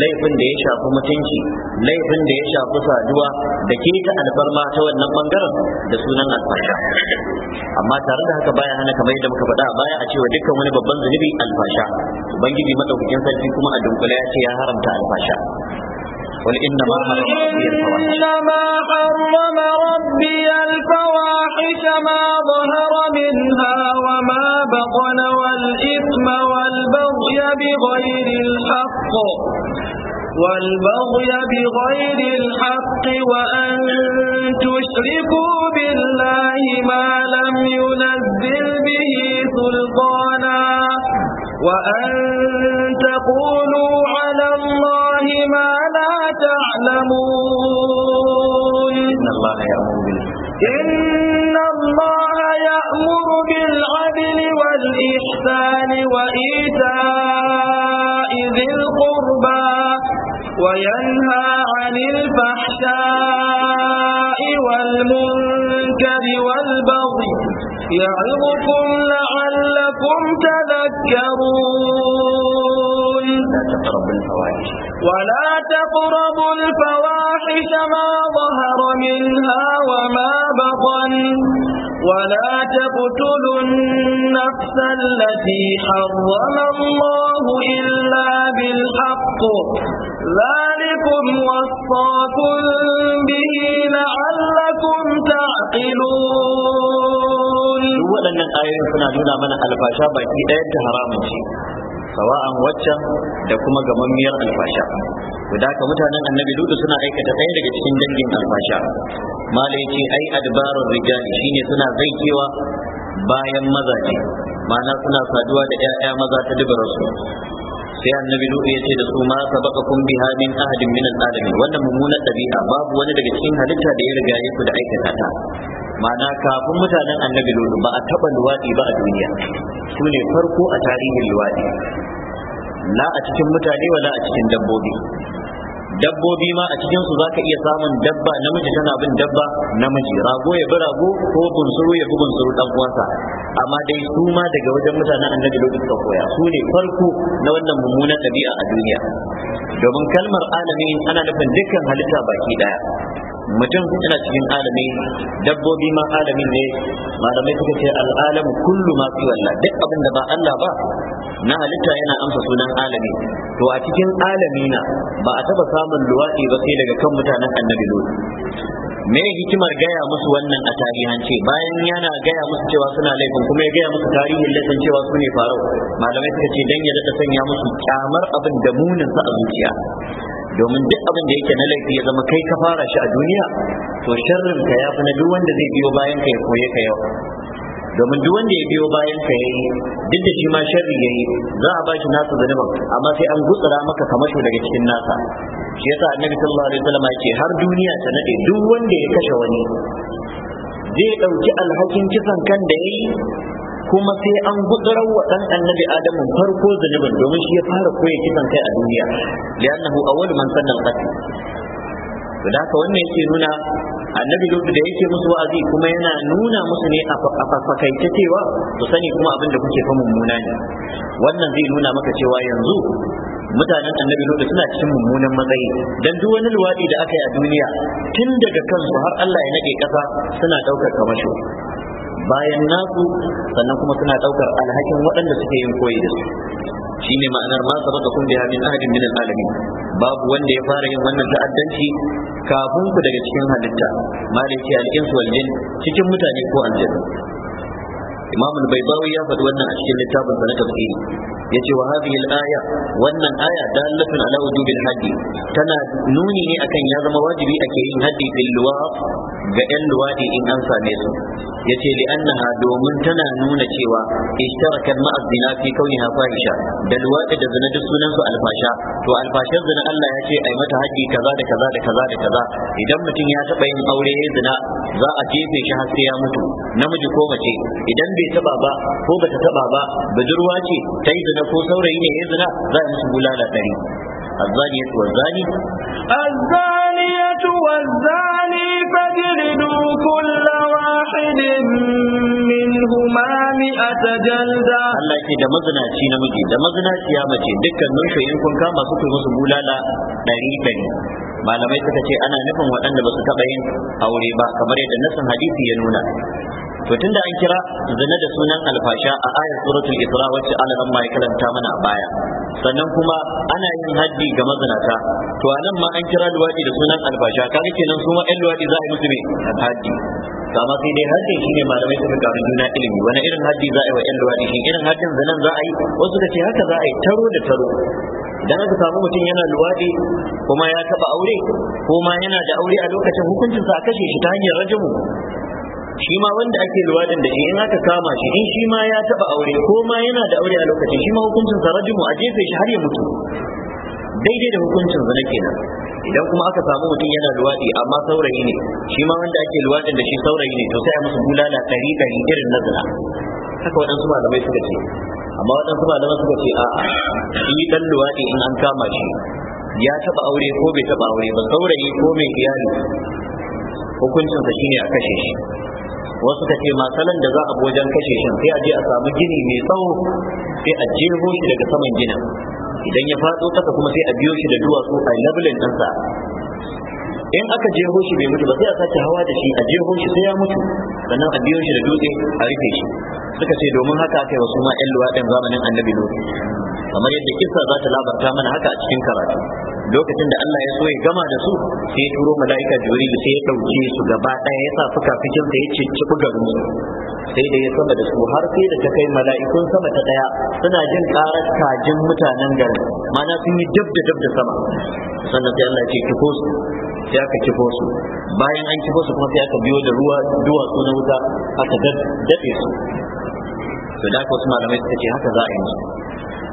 laifin da ya shafi mutunci laifin da ya shafi saduwa da ke ta alfarma ta wannan bangaren da sunan alfasha amma tare da haka baya hana kamar yadda muka faɗa baya a cewa dukkan wani babban zunubi alfasha ubangiji madaukakin sarki kuma a dunkule ya ce ya haramta alfasha قل إنما حرم ربي الفواحش إنما حرم ربي الفواحش ما ظهر منها وما بطن والإثم والبغي بغير الحق والبغي بغير الحق وأن تشركوا بالله ما لم ينزل به سلطانا وأن تعلمون إن الله يأمر إن الله يأمر بالعدل والإحسان وإيتاء ذي القربى وينهى عن الفحشاء والمنكر والبغي يعظكم لعلكم تذكرون تقربوا الفواحش ولا تقربوا الفواحش ما ظهر منها وما بطن ولا تقتلوا النفس التي حرم الله إلا بالحق ذلكم وصاكم به لعلكم تعقلون waɗannan ayoyin suna nuna mana albasha baki ɗaya ta haramun ce sawa'an waccan da kuma gamammiyar alfasha guda ka mutanen annabi dudu suna aikata ɗaya daga cikin dangin alfasha mala ce ai adbarur rijali shine suna zaikewa bayan mazaje ma'ana suna saduwa da ƴaƴa maza ta dubararsu sai annabi dudu ya ce da su ma sabaka kun bi hadin ahadin min al-alamin wannan mummunar dabi'a babu wani daga cikin halitta da ya riga ku da aikata ta ma'ana kafin mutanen annabi lulu ba a taɓa luwaɗi ba a duniya su ne farko a tarihin luwaɗi la a cikin mutane wa na a cikin dabbobi dabbobi ma a cikin su zaka iya samun dabba namiji tana bin dabba namiji rago ya bi rago ko bunsuru ya bi bunsuru dan uwansa amma dai su ma daga wajen mutanen annabi lulu suka koya su ne farko na wannan mummunan ɗabi'a a duniya domin kalmar alamin ana nufin dukkan halitta baki daya mutum ina cikin alami dabbobi ma alamin ne malamai suka ce al'alamu kullu ma fi wallah duk abin da ba Allah ba na halitta yana amsa sunan alami to a cikin alami alamina ba a taba samun luwaɗi ba sai daga kan mutanen annabi lut me hikimar gaya musu wannan a tarihance bayan yana gaya musu cewa suna laifin kuma ya gaya musu tarihin laifin cewa su ne farau malamai suka ce dan ya daɗa sanya musu kyamar abin da munin sa a zuciya domin duk abin da yake na laifi ya zama kai ka fara shi a duniya to sharrin ka ya fi na duk wanda zai biyo bayan ka ya koye ka yau domin duk wanda ya biyo bayan ka yayi duk da shi ma sharri yayi za a bashi nasa zanuban amma sai an gutsura maka kamasho daga cikin nasa shi yasa annabi sallallahu alaihi wasallam yake har duniya ta nade duk wanda ya kashe wani zai dauki alhakin kisan kan da yayi kuma sai an gudurar wa dan annabi adamu farko zunubin domin shi ya fara koya kisan kai a duniya li'annahu awwal man sanna al-qatl to da haka wannan yake nuna annabi lutu da yake musu wa'azi kuma yana nuna musu ne a fafakaice cewa sani kuma abin da kuke fa mummuna ne wannan zai nuna maka cewa yanzu mutanen annabi lutu suna cikin mummunan matsayi dan duk wani luwadi da aka yi a duniya tun daga kansu har Allah ya nade kasa suna daukar kamasho bayan nasu sannan kuma suna daukar alhakin waɗanda suke yin koyi da su shine ma'anar ma sabaka kun biya min ahadin min alamin babu wanda ya fara yin wannan ta'addanci kafin ku daga cikin halitta malaki al-insu wal cikin mutane ko aljanna imam al-baydawi ya faɗi wannan a cikin littafin sa na tafsiri yace wa hadhihi al-aya wannan aya dalatun ala wujub al-hadi tana nuni ne akan ya zama wajibi ake yin haddi bil luwaf ga yan luwadi in an same su yace li annaha domin tana nuna cewa ishtarakat ma'a zina fi kauniha fahisha da luwadi da zina duk sunan su alfasha to alfashar zina Allah ya ce ai mata haddi kaza da kaza da kaza da kaza idan mutum ya taɓa yin aure zina za a jefe shi har sai ya mutu namiji ko mace idan bai taba ba ko bata taba ba budurwa ce ta yi zina ko saurayi ne ya zina za a musu bulala ɗari الزانية والزاني الزانية والزاني فاجلدوا كل واحد منهما مئة جلدة الله يكي دا مزنا شي نمجي دا مزنا شي يامتي دكا نوشو ينكم كاما سكي مسو بولالا داري داري malamai suka ce ana nufin waɗanda ba su taɓa yin aure ba kamar yadda nasan hadisi ya nuna to tunda an kira zina da sunan alfasha a ayar suratul isra wacce Allah ran ya mana a baya sannan kuma ana yin haddi ga mazinata to anan ma an kira luwaɗi da sunan alfasha kaga kenan su ma ɗan za a yi musu ne haddi to amma sai dai shi shine malamai suka gano juna ilimi wani irin haddi za a yi wa yan luwaɗi shi irin haddin zanen za a yi wasu ka ce haka za a yi taro da taro dan aka samu mutum yana luwaɗi kuma ya taɓa aure kuma yana da aure a lokacin hukuncinsa a kashe shi ta hanyar rajamu shi ma wanda ake luwaɗin da shi in aka kama shi in shi ma ya taba aure ko ma yana da aure a lokacin shi ma hukuncinsa rajimu a jefe shi har ya mutu daidai da hukuncin ke kenan idan kuma aka samu mutum yana luwaɗi amma saurayi ne shi ma wanda ake luwaɗin da shi saurayi ne to sai a musu bulala ɗari ɗari irin na zina haka waɗansu malamai suka ce amma waɗansu malamai suka ce a'a shi ɗan luwaɗi in an kama shi ya taɓa aure ko bai taɓa aure ba saurayi ko mai iyali hukuncinsa shine a kashe shi wasu ka ce masalan da za a wajen kashe shi sai a je a samu gini mai tsawo sai a jeho shi daga saman ginin idan ya faɗo kasa kuma sai a biyo shi da duwatsu a labulin ɗansa in aka jeho shi bai mutu ba sai a sake hawa da shi a jeho shi sai ya mutu sannan a biyo shi da dutse a rufe shi suka ce domin haka aka yi wasu ma yan luwaɗin zamanin annabi lutu kamar yadda kisa za ta labarta mana haka a cikin karatu lokacin da Allah ya so ya gama da su sai ya turo mala'ika jibril sai ya dauke su gaba ɗaya ya sa suka fikin sa ya cicciɓi garin su sai da ya sama da su har sai da ta kai mala'ikun sama ta ɗaya suna jin karar kajin mutanen garin mana sun yi dab da dab da sama sannan sai Allah ce kifo su sai aka kifo su bayan an kifo su kuma sai aka biyo da ruwa duwatsu na wuta aka daɗe su to da wasu malamai suka ce haka za a yi musu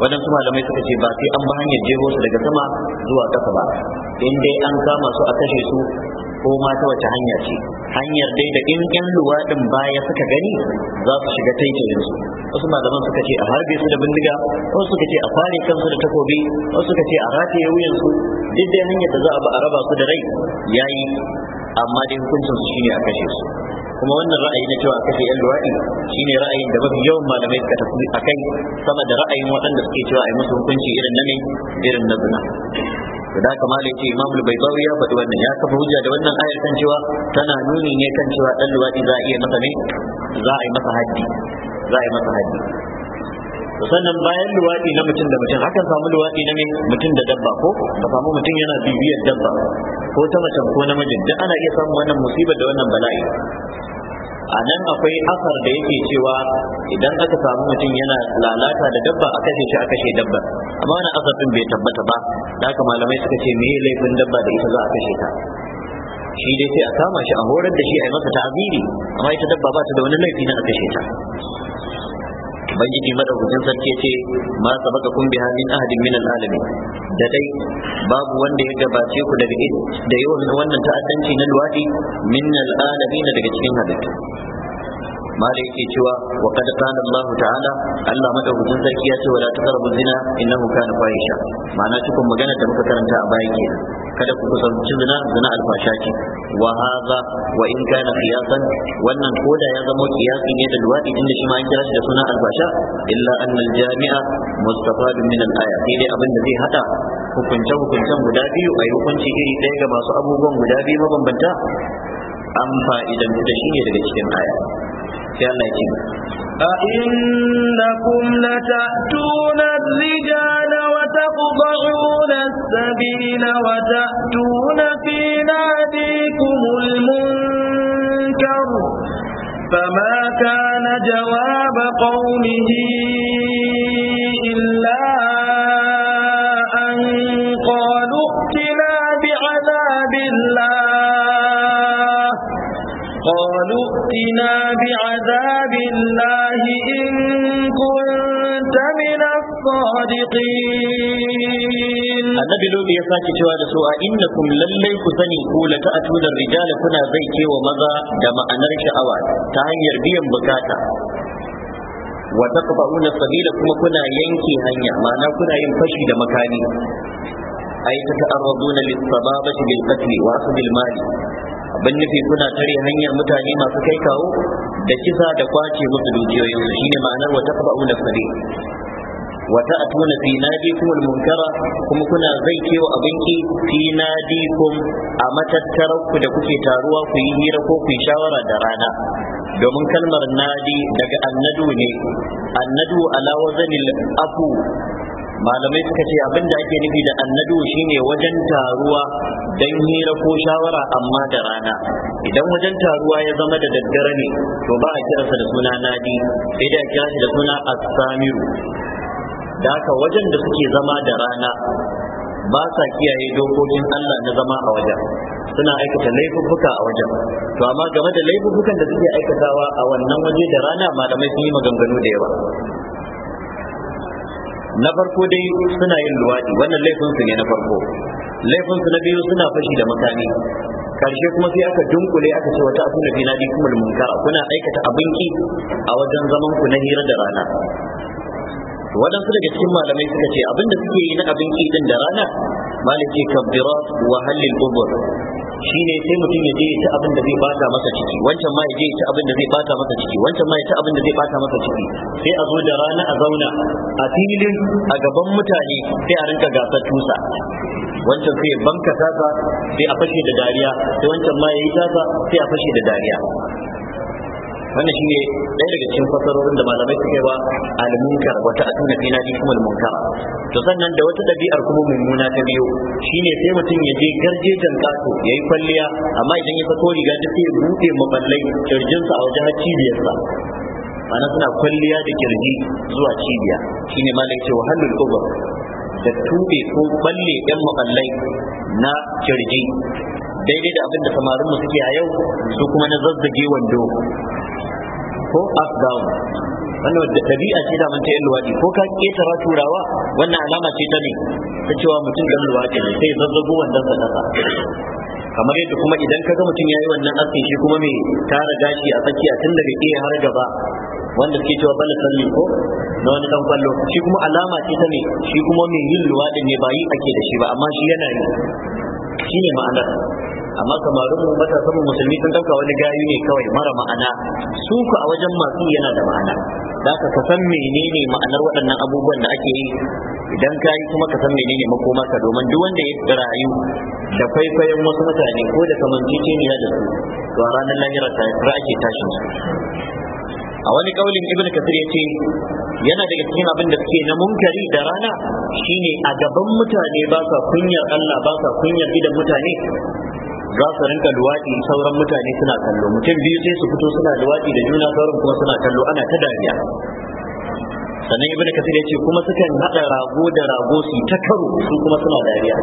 waɗansu malamai suka ce ba sai an ba hanyar jeho su daga sama zuwa ƙasa ba in dai an kama su a kashe su ko ma ta wace hanya ce hanyar dai da in ƴan luwaɗin baya suka gani za su shiga taitayin su wasu malaman suka ce a harbe su da bindiga wasu suka ce a fare kansu da takobi wasu suka ce a rataye wuyan su duk dai hanyar da za a ba a raba su da rai yayi amma dai hukuncin su shine a kashe su kuma wannan ra'ayi na cewa kashe yan luwaɗi ne ra'ayin da mafi yawan malamai suka tafi a kai sama da ra'ayin waɗanda suke cewa a yi musu hukunci irin na ne irin na zina da haka malai ce imam bai ya faɗi wannan ya kafa hujja da wannan ayar kan cewa tana nuni ne kan cewa dan luwaɗi za a iya masa ne za a yi masa haddi za a yi masa haddi sannan bayan luwaɗi na mutum da mutum hakan samu luwaɗi na mutum da dabba ko ka samu mutum yana bibiyar dabba ko ta mace ko namijin duk ana iya samun wannan musibar da wannan bala'i a nan akwai asar da yake cewa idan aka samu mutum yana lalata da dabba a kashe shi a kashe dabba amma wannan asar din bai tabbata ba da haka malamai suka ce me laifin dabba da ita za a kashe ta shi dai sai a kama shi a horar da shi a yi masa ta'aziri amma ita dabba ba ta da wani laifi na a kashe ta ubangiji madaukakin sarki ce ma sabaka kun bi hadin ahadin min alalamin da dai babu wanda ya gabace ku daga da yawan wannan ta'addanci na luwadi min alalamin daga cikin halittu ma da yake cewa wa qad qala Allah ta'ala Allah madaukakin sarki ya ce wala taqrabu zina innahu kana fahisha ma'ana cikin magana da muka karanta a baya kada ku kusanci zina zina alfasha ce wa hadha wa in kana qiyasan wannan koda ya zama qiyasi ne da luwadi tunda shi ma an kira shi da sunan alfasha illa annal jami'a mustafadun min aya sai dai abin da zai hada hukunce hukuncen guda biyu yi hukunci iri ɗaya ga masu abubuwan guda biyu mabambanta an fa'idantu da shi ne daga cikin aya أئنكم لتأتون الرجال وتقطعون السبيل وتأتون في ناديكم المنكر فما كان جواب قومه إلا أن قالوا ائتنا بعذاب الله قالوا ائتنا بعذاب الله إن كنت من الصادقين النبي لو يساكي توا da su'a innakum lallai ku sani ku la ta'tuna ar-rijala kuna zai kewa maza da ma'anar sha'awa ta hanyar biyan bukata wa taqba'una sabila kuma kuna yanke hanya ma'ana kuna yin fashi da makami. ay tata'arraduna lis-sababati bil-qatl wa akhdhi al-mali abin nufi kuna tare hanyar mutane masu kai kawo da kisa da kwace musu dukiyoyinsu shine ma'anar wata fa'una sabi wata atuna fi nadikum munkara, kuma kuna zai abin abinki fi nadikum a matattararku da kuke taruwa ku yi hira ko ku yi shawara da rana domin kalmar nadi daga annadu ne annadu ala wazanil afu malamai suka ce abin da ake nufi da annadu shine wajen taruwa dan hira ko shawara amma da rana idan wajen taruwa ya zama da daddare ne to ba a sa da suna nadi sai da kira shi da suna asamiru da haka wajen da suke zama da rana ba sa kiyaye dokokin Allah na zama a wajen suna aikata laifuffuka a wajen to amma game da laifukan da suke aikatawa a wannan waje da rana malamai sun yi maganganu da yawa na farko dai suna yin luwaɗi wannan laifinsu ne na farko laifinsu na biyu suna fashi da makami karshe kuma sai aka dunkule aka ce wata akuna fi nadi kuma munkara kuna aikata abinki a wajen zaman ku na hira da rana waɗansu daga cikin malamai suka ce abin da suke yi na abinki din da rana malik ce kabbirat wa halil ubur shine sai mutum ya je ya ci abin da zai bata masa ciki wancan ma ya je ya ci abin da zai bata masa ciki wancan ma ya ci abin da zai bata masa ciki sai a zo da rana a zauna a filin a gaban mutane sai a rinka gasar tusa wancan sai banka tasa sai a fashe da dariya sai wancan ma ya yi tasa sai a fashe da dariya wannan shine ɗaya daga cikin fasarorin da malamai suke ba al-munkar wa ta'tuna fi nadikumul munkara to sannan da wata ɗabi'ar kuma mummuna ta biyu shine sai mutum ya je garjejen ya yayi kwalliya amma idan ya sako riga ta sai bude maballai kirjinsa a wajen cibiyarsa ana suna kwalliya da kirji zuwa cibiya shine malai ce wahallul ubur da tube ko balle ɗan maballai na kirji daidai da abin da samarin mu suke a yau su kuma na zazzage wando ko up down wannan da tabi'a ce da mun ta yin luwadi ko ka ketara turawa wannan alama ce ta ne ta cewa mutum dan luwadi ne sai zazzago wannan sa kasa kamar yadda kuma idan ka ga mutum yayi wannan aski, shi kuma mai tara gashi a a tun daga iya har gaba wanda suke cewa bala salli ko na wani dan kwallo shi kuma alama ce ta ne shi kuma mai yin luwadi ne ba yi ake da shi ba amma shi yana yi Shi ne ma'anar amma kamar mu matasan mu musulmi sun dauka wani gayu ne kawai mara ma'ana su ku a wajen masu yana da ma'ana da ka san menene ma'anar waɗannan abubuwan da ake yi idan ka yi kuma ka san menene makoma ka domin duk wanda ya rayu da faifayen wasu mutane ko da kamanceceniya da su to a ranar lahira ta ake tashin su a wani kaulin ibn kasir ya ce yana daga cikin abin da suke na munkari da rana shine a gaban mutane ba sa kunyar Allah ba sa kunyar gidan mutane za su rinka luwaɗi sauran mutane suna kallo mutum biyu sai su fito suna luwaɗi da juna sauran kuma suna kallo ana ta dariya sannan ibn kasir ya ce kuma sukan hada rago da rago su ta karo su kuma suna dariya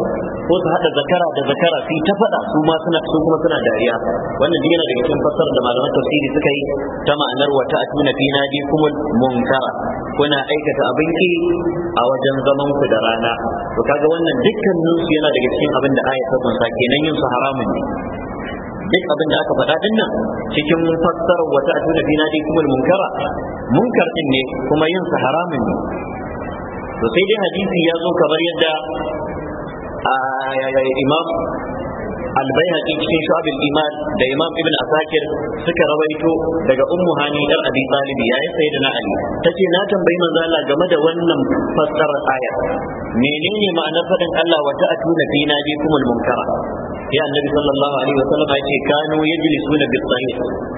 ko su hada zakara da zakara su ta fada su ma suna su kuma suna dariya wannan yana daga cikin fassarar da malaman tafsiri suka yi ta ma'anar wata tuna fi nadi kuma munkara kuna aikata abin ki a wajen zaman ku da rana to kaga wannan dukkanin su yana daga cikin abin da aya ta sake kenan yin su haramun ne duk abin da aka faɗa dinnan cikin fassarar wata tuna fi nadi kuma munkara munkar din ne kuma yin sa haramun ne to sai dai hadisi ya zo kamar yadda imam albayhaqi cikin shu'abul iman da imam ibn asakir suka rawaito daga ummu hani dan abi talib yayin sayyidina ali tace na tambayi manzo Allah game da wannan fassarar ayar menene ma'anar fadin Allah wa ta'atuna fi najikumul munkara ya annabi sallallahu alaihi wasallam ya ce kanu yajlisuna bis sahih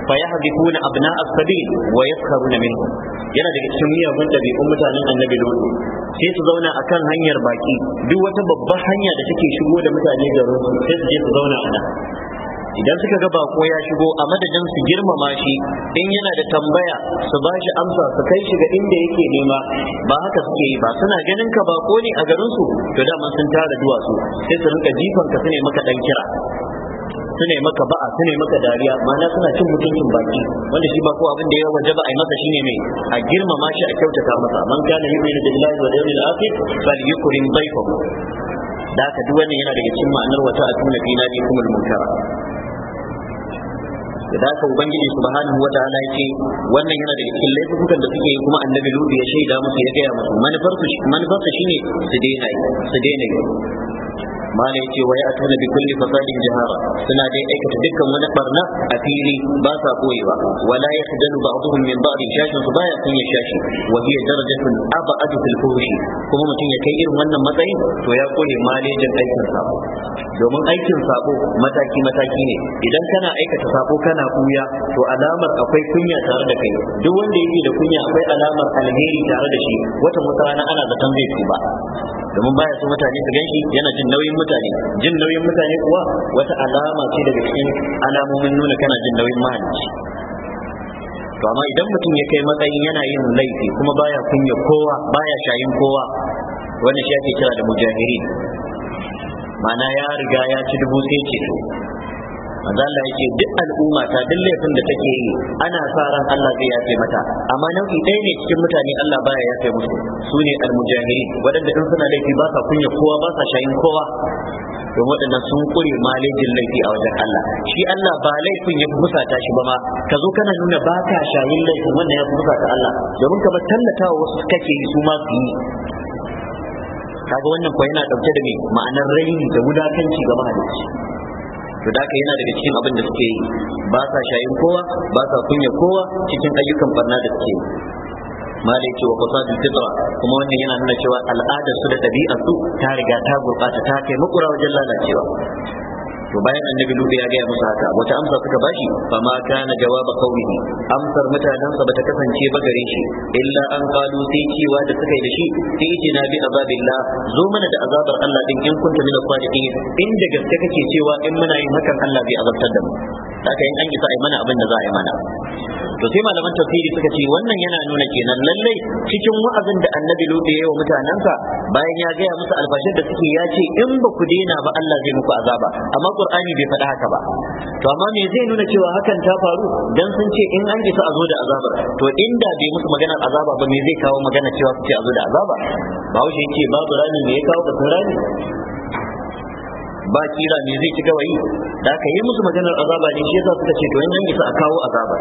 fa yahdifuna abna as-sabil wa yaskharuna minhum yana daga cikin miyagun dabi'un mutanen annabi lutu sai su zauna akan hanyar baki duk wata babbar hanya da take shigo da mutane garin sai su je su zauna a nan idan suka ga bako ya shigo a madadin su girmama shi in yana da tambaya su ba shi amsa su kai shi ga inda yake nema ba haka suke yi ba suna ganin ka bako ne a garin su to dama sun tara duwatsu sai su rinka jifan ka sune maka dan kira sune maka ba'a sune maka dariya mana suna cin mutuncin baki wanda shi ba ko abin da ya waje a yi masa shine mai a girmama shi a kyautata masa man kana yu'minu billahi wal yawmil akhir yukrim dayfahu da ka duk wannan yana daga cikin ma'anar wata atuna fi nadi kuma munkara da haka ubangiji subhanahu wa ta'ala yake wannan yana da cikin laifukan da suke yi kuma annabi lutu ya shaida musu ya gaya musu manufar su shine su daina su daina mala yace wai atana bi kulli fasadin jahara suna dai aikata dukkan wani barna a fili ba sa koyewa wala yakhdalu ba'dhum min ba'd shashin su baya sun ya shashi wa hiya darajatun abadu fil fuhushi kuma mutum ya kai irin wannan matsayin to ya kore malejin aikin sabo domin aikin sabo mataki mataki ne idan kana aikata sabo kana kuya to alamar akwai kunya tare da kai duk wanda yake da kunya akwai alamar alheri tare da shi wata wata rana ana zaton zai tuba domin baya so mutane su ganshi yana jin nauyin mutane jin nauyin mutane kuwa wata alama ce daga cikin alamomin nuna kana jin nauyin mahalicci to amma idan mutum ya kai matsayin yana yin laifi kuma baya kunya kowa baya shayin kowa wanda shi ake kira da mujahiri ma'ana ya riga ya ci dubu sai ce manzo Allah yake duk al'umma ta duk laifin da take yi ana sa ran Allah zai yafe mata amma nau'i ɗaya ne cikin mutane Allah baya yafe musu su ne almujahiri waɗanda in suna laifi ba sa kunya kowa ba sa shayin kowa don waɗannan sun kure malejin laifi a wajen Allah shi Allah ba laifin ya ta shi ba ma ka zo kana nuna ba ka shayin laifin wannan ya ta Allah domin ka tallata tallatawa wasu kake yi su ma su yi kaga wannan kuwa yana ɗauke da mai ma'anar raini da wulakanci ga mahalicci to da yana daga cikin abin da suke yi ba sa shayin kowa ba sa kunya kowa cikin ayyukan barna da suke yi mala yake wa fasadul fitra kuma wannan yana nuna cewa al'adar su da ɗabi'ar su ta riga ta gurɓata ta kai makura wajen lalacewa to bayan annabi lutu ya gaya musu haka wata amsa suka bashi fa ma kana jawaba qaumihi amsar mutanansa bata kasance ba gare shi illa an qalu sai cewa da suka yi da shi sai na bi azabillah zo mana da azabar Allah din in kunta min al-sadiqin inda gaske kake cewa in muna yin hakan Allah bai azabtar da mu haka in an isa a mana abin da za a yi mana to sai malaman tafsiri suka ce wannan yana nuna kenan lallai cikin wa'azin da annabi lutu ya yi wa mutanensa bayan ya gaya musu albashir da suke ya ce in ba ku daina ba Allah zai muku azaba amma qur'ani bai faɗi haka ba to amma me zai nuna cewa hakan ta faru dan sun ce in an isa a zo da azaba? to inda bai musu maganar azaba ba me zai kawo magana cewa su ce a zo da azaba ba wuce yake babu rani me ya kawo ka rani ba kira me zai ci gawayi da aka yi musu maganar azaba ne shi yasa suka ce to yan isa a kawo azaba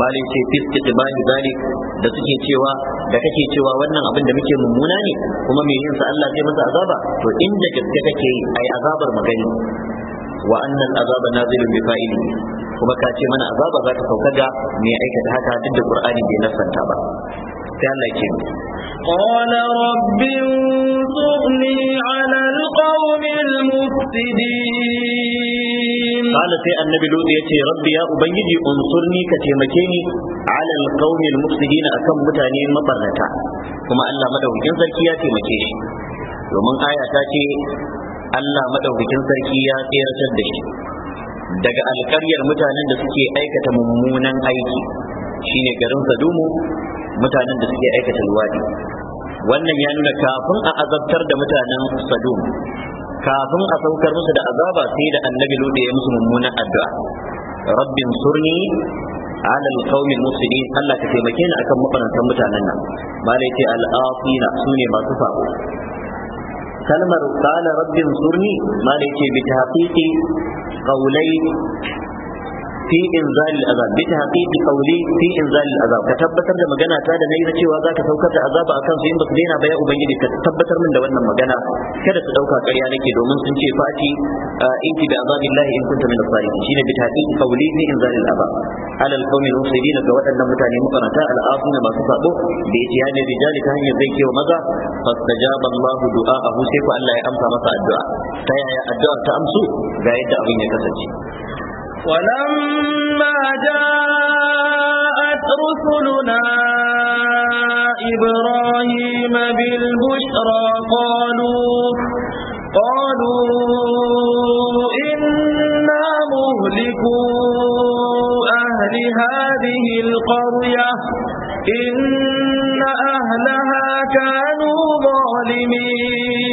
malin ce fiskiti bani zalik da suke cewa da kake cewa wannan abin da muke mummuna ne kuma me yin sa Allah sai masa azaba to inda gaske kake yi ai azabar magani wa annal azaba nazilun bi fa'ili kuma ka ce mana azaba za ta sauka ga me aikata haka duk da qur'ani bai nasanta ba تالك قال رب انصرني على القوم المفسدين قال سي النبي لوط يتي رب يا أبنجي انصرني كتيمكيني على القوم المفسدين أكم متاني مبرتا كما ألا مدعو جنسك يا تيمكيش ومن آية تاتي Allah madaukakin sarki ya tseratar da shi daga alƙaryar mutanen da suke aikata mummunan aiki shine garin sadumu mutanen da suke aikata luwadi wannan ya nuna kafin a azabtar da mutanen sadum kafin a saukar musu da azaba sai da annabi lode ya musu mummunan addu'a rabbin surni ala alqawmi almuslimin Allah ka taimake ni akan mafarantan mutanen nan malai ce al'afina sune masu sabo kalmar qala rabbin surni malai ce bi tahqiqi qawlai fi inzalil azab bi tahqiqi qawli fi inzalil azab ka tabbatar da magana ta da nayi cewa zaka saukar da azaba akan su in ba su daina baya, ya ubangiji ka tabbatar min da wannan magana kada su dauka ƙarya nake domin sun ce fati inti bi azabillahi in kunta min as-salihin shine bi tahqiqi qawli fi inzalil azab ala al-qawmi al-mufsidin ga waɗannan mutane makaranta al-afina masu sabo da ya ne rijali ta hanyar zai kewa maza fastajaba Allahu du'a'ahu sai ko Allah ya amsa masa addu'a ta yaya addu'a ta amsu ga yadda abin ya kasance ولما جاءت رسلنا إبراهيم بالبشرى قالوا قالوا إنا مهلكوا أهل هذه القرية إن أهلها كانوا ظالمين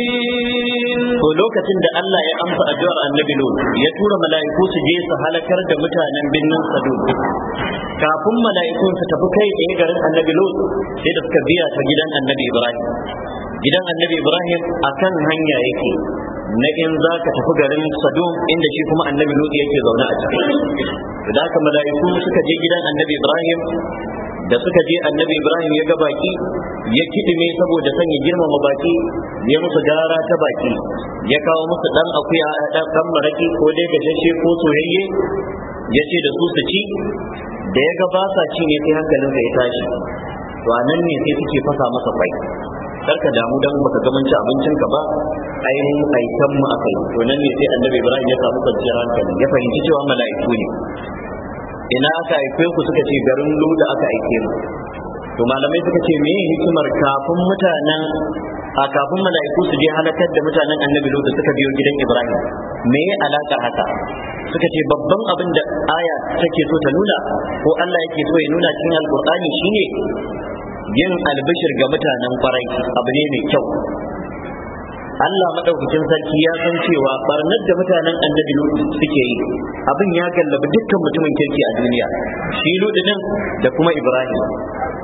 to lokacin da Allah ya amsa addu'ar Annabi Lut ya tura mala'iku su je su halakar da mutanen binnin Sadum kafin mala'ikun tafi kai tsaye garin Annabi Lut sai da suka biya ta gidan Annabi Ibrahim gidan Annabi Ibrahim akan hanya yake na in za ka tafi garin sadum inda shi kuma annabi lut yake zaune a ciki da haka mala'iku suka je gidan annabi ibrahim da suka je annabi ibrahim ya ga baki ya kidime saboda son ya girmama baki ya musu gara ta baki ya kawo musu dan akuya a dan maraki ko dai ga shashe ko soyayye ya ce da su su ci da ya ga ba sa ci ne sai hankalin ya tashi to nan ne sai suke fasa masa kwai karka damu dan baka ga abincin ka ba ainihin aikan mu akai to nan ne sai annabi ibrahim ya samu kwanciyar hankali ya fahimci cewa mala'iku ne ina aka haife ku suka ce garin luda aka aike mu to malamai suka ce me hikimar kafin mutanen a kafin mala'iku su je halakar da mutanen annabi luda suka biyo gidan ibrahim me alaka haka suka ce babban abin da aya take so ta nuna ko Allah yake so ya nuna cikin alkur'ani shine yin albishir ga mutanen kwarai abu ne mai kyau Allah madaukakin sarki ya san cewa barnar da mutanen annabi Lut suke yi abin ya gallaba dukkan mutumin kirki a duniya shi Lut din da kuma Ibrahim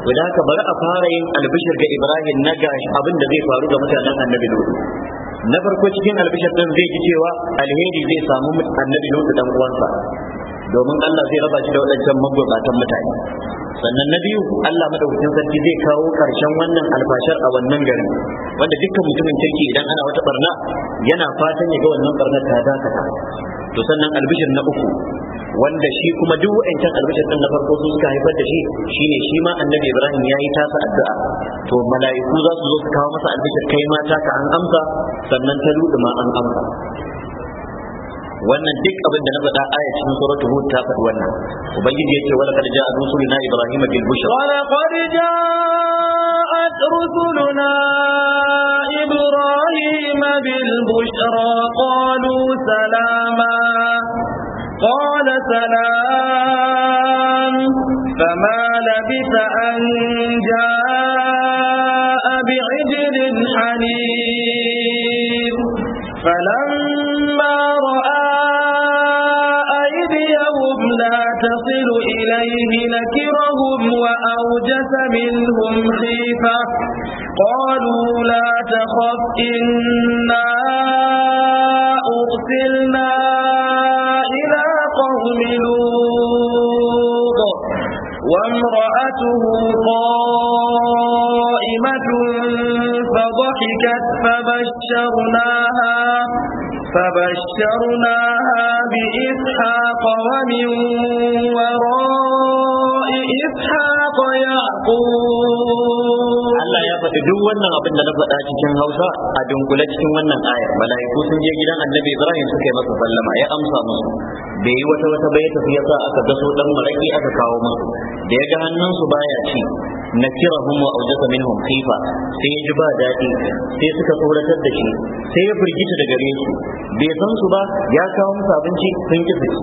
wanda ka bari a fara yin albishir ga Ibrahim na ga abin da zai faru ga mutanen annabi Lut na farko cikin albishir din zai ji cewa alheri zai samu annabi Lut dan uwansa domin Allah zai raba shi da waɗancan magwabatan mutane sannan na biyu Allah madaukakin sarki zai kawo karshen wannan alfashar a wannan garin wanda dukkan mutumin kirki idan ana wata barna yana fatan ya ga wannan barnar ta dakata to sannan albishir na uku wanda shi kuma duk wa'ancan albishir din na farko su suka haifar da shi shine shi ma annabi ibrahim ya yi tasa addu'a to mala'iku za su zo su kawo masa albishir kai ma taka an amsa sannan ta ma an amsa wannan duk abin da na faɗa aya cikin suratul hud ta faɗi wannan ubangiji yace wala kad ja'a rusuluna ibrahima bil bushra wala qad ja'at rusuluna ibrahima bil bushra qalu salama qala salam fama labitha an ja'a بعجل hanin فأوجس منهم خيفة قالوا لا تخف إنا أرسلنا إلى قوم لوط وامرأته قائمة فضحكت فبشرناها فبشرناها بإسحاق ومن وراء إسحاق يعقوب ya faɗi duk wannan abin da na faɗa cikin Hausa a dunkule cikin wannan ayar malaiku sun je gidan Annabi Ibrahim suka yi masa sallama ya amsa musu bai yi wata wata bai tafiya sa aka gaso dan maraki aka kawo musu da ya ga hannun su baya ci nakirahum wa awjasa minhum khifa sai ya ji ba daɗi sai suka tsoratar da shi sai ya firgita da gare su bai san su ba ya kawo musu abinci sun kisa su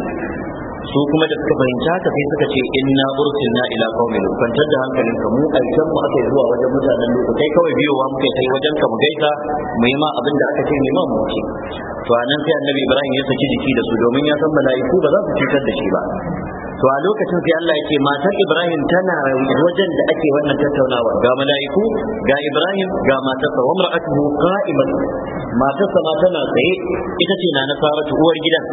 su kuma da suka fahimci haka sai suka ce in na inna na ila qaumin kwantar da hankalin ka mu aikan mu aka zuwa wajen mutanen lokaci kai kawai biyowa muke kai wajen ka mu gaisa mu yi ma abin da aka ce mu ma mu ce to anan sai annabi ibrahim ya saki jiki da su domin ya san mala'iku ba za su cutar da shi ba to a lokacin sai Allah ya ce matar Ibrahim tana wajen da ake wannan tattaunawa ga mala'iku ga Ibrahim ga matarsa wa mar'atuhu qa'imat matarsa ma tana tsaye ita ce na nasaratu uwar gidan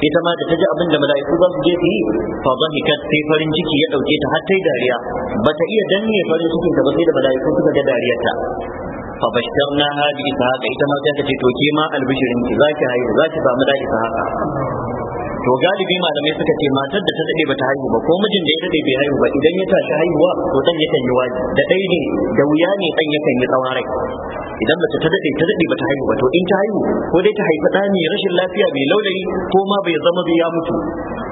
ita ma da ta ji abin da mala'iku za su je su yi fa sai farin ciki ya dauke ta har ta dariya bata iya danne farin cikin ta ba sai da mala'iku suka ga dariyar ta fa basharna hadi haka ita ma sai ta ce to ke ma albishirin ki zaki haihu zaki samu sa haka. to galibi malamai suka ce matar da ta dade bata haihu ba ko mijin da ya dade bai haihu ba idan ya tashi haihuwa to dan yakan yi waji da dai ne da wuya ne dan yakan yi tsawon rai idan mace ta dade ta dade bata haihu ba to in ta haihu ko dai ta haifa ɗani rashin lafiya bai laulayi ko ma bai zama bai ya mutu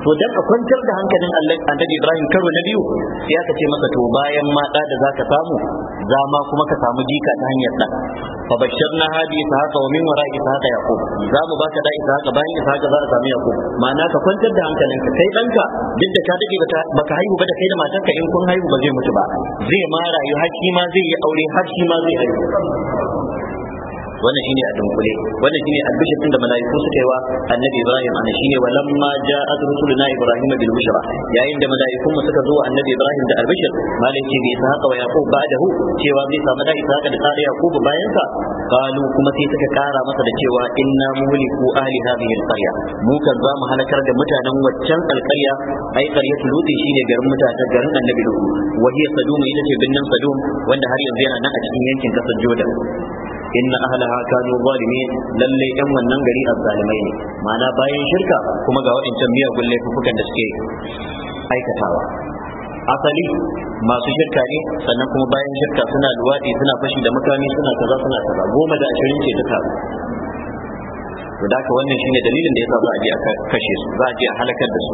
to dan ka kwantar da hankalin annabi Ibrahim karo na biyu sai aka ce masa to bayan ma da da zaka samu za ma kuma ka samu jika ta hanyar da fa bashirna hadi ishaqa wa min wara ishaqa yaqub za mu baka da ishaqa bayan ishaqa za ka samu yaqub ma'ana ma'ana ka kwantar da hankalinka kai ɗanka duk da ka dake baka haihu ba da kai da matarka in kun haihu ba zai mutu ba zai ma rayu har shi ma zai yi aure har shi ma zai haihu wannan shine a dunkule wannan shine albishir din da malaiku suka yi wa annabi ibrahim ana shine walamma ja'at rusuluna ibrahim bil bushra yayin da malaikun suka zo annabi ibrahim da albishir malaiku bai sa haka wa yaqub ba'dahu cewa zai samu da isa da tsare yaqub bayan sa kalu kuma sai suka kara masa da cewa inna muhliku ahli hadhihi alqarya mu kan za mu halakar da mutanen waccan alqarya ai qaryatu lutin shine garin mutanen garin annabi lut wa hiya sadum ita ce binnan sadum wanda har yanzu yana nan a cikin yankin kasar jordan inna ahlaha kanu zalimin lalle yan wannan gari azzalimai ne ma'ana bayan shirka kuma ga waɗancan miyagun laifukan da suke aikatawa asali masu shirka ne sannan kuma bayan shirka suna luwaɗi suna fashi da makami suna kaza suna kaza goma da ashirin ce ta taru to da haka wannan shine dalilin da yasa za a je a kashe su za a je a halakar da su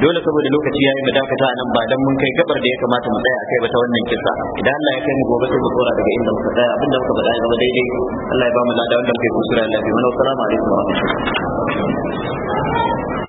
dole saboda lokaci yayi mu dakata nan ba dan mun kai gabar da ya kamata mu tsaya kai ba ta wannan kisa idan Allah ya kai mu gobe sai mu tsora daga inda muka tsaya abinda muka faɗa ya zama daidai Allah ya ba mu lada wanda muke kusura Allah ya bi mana assalamu alaikum wa rahmatullahi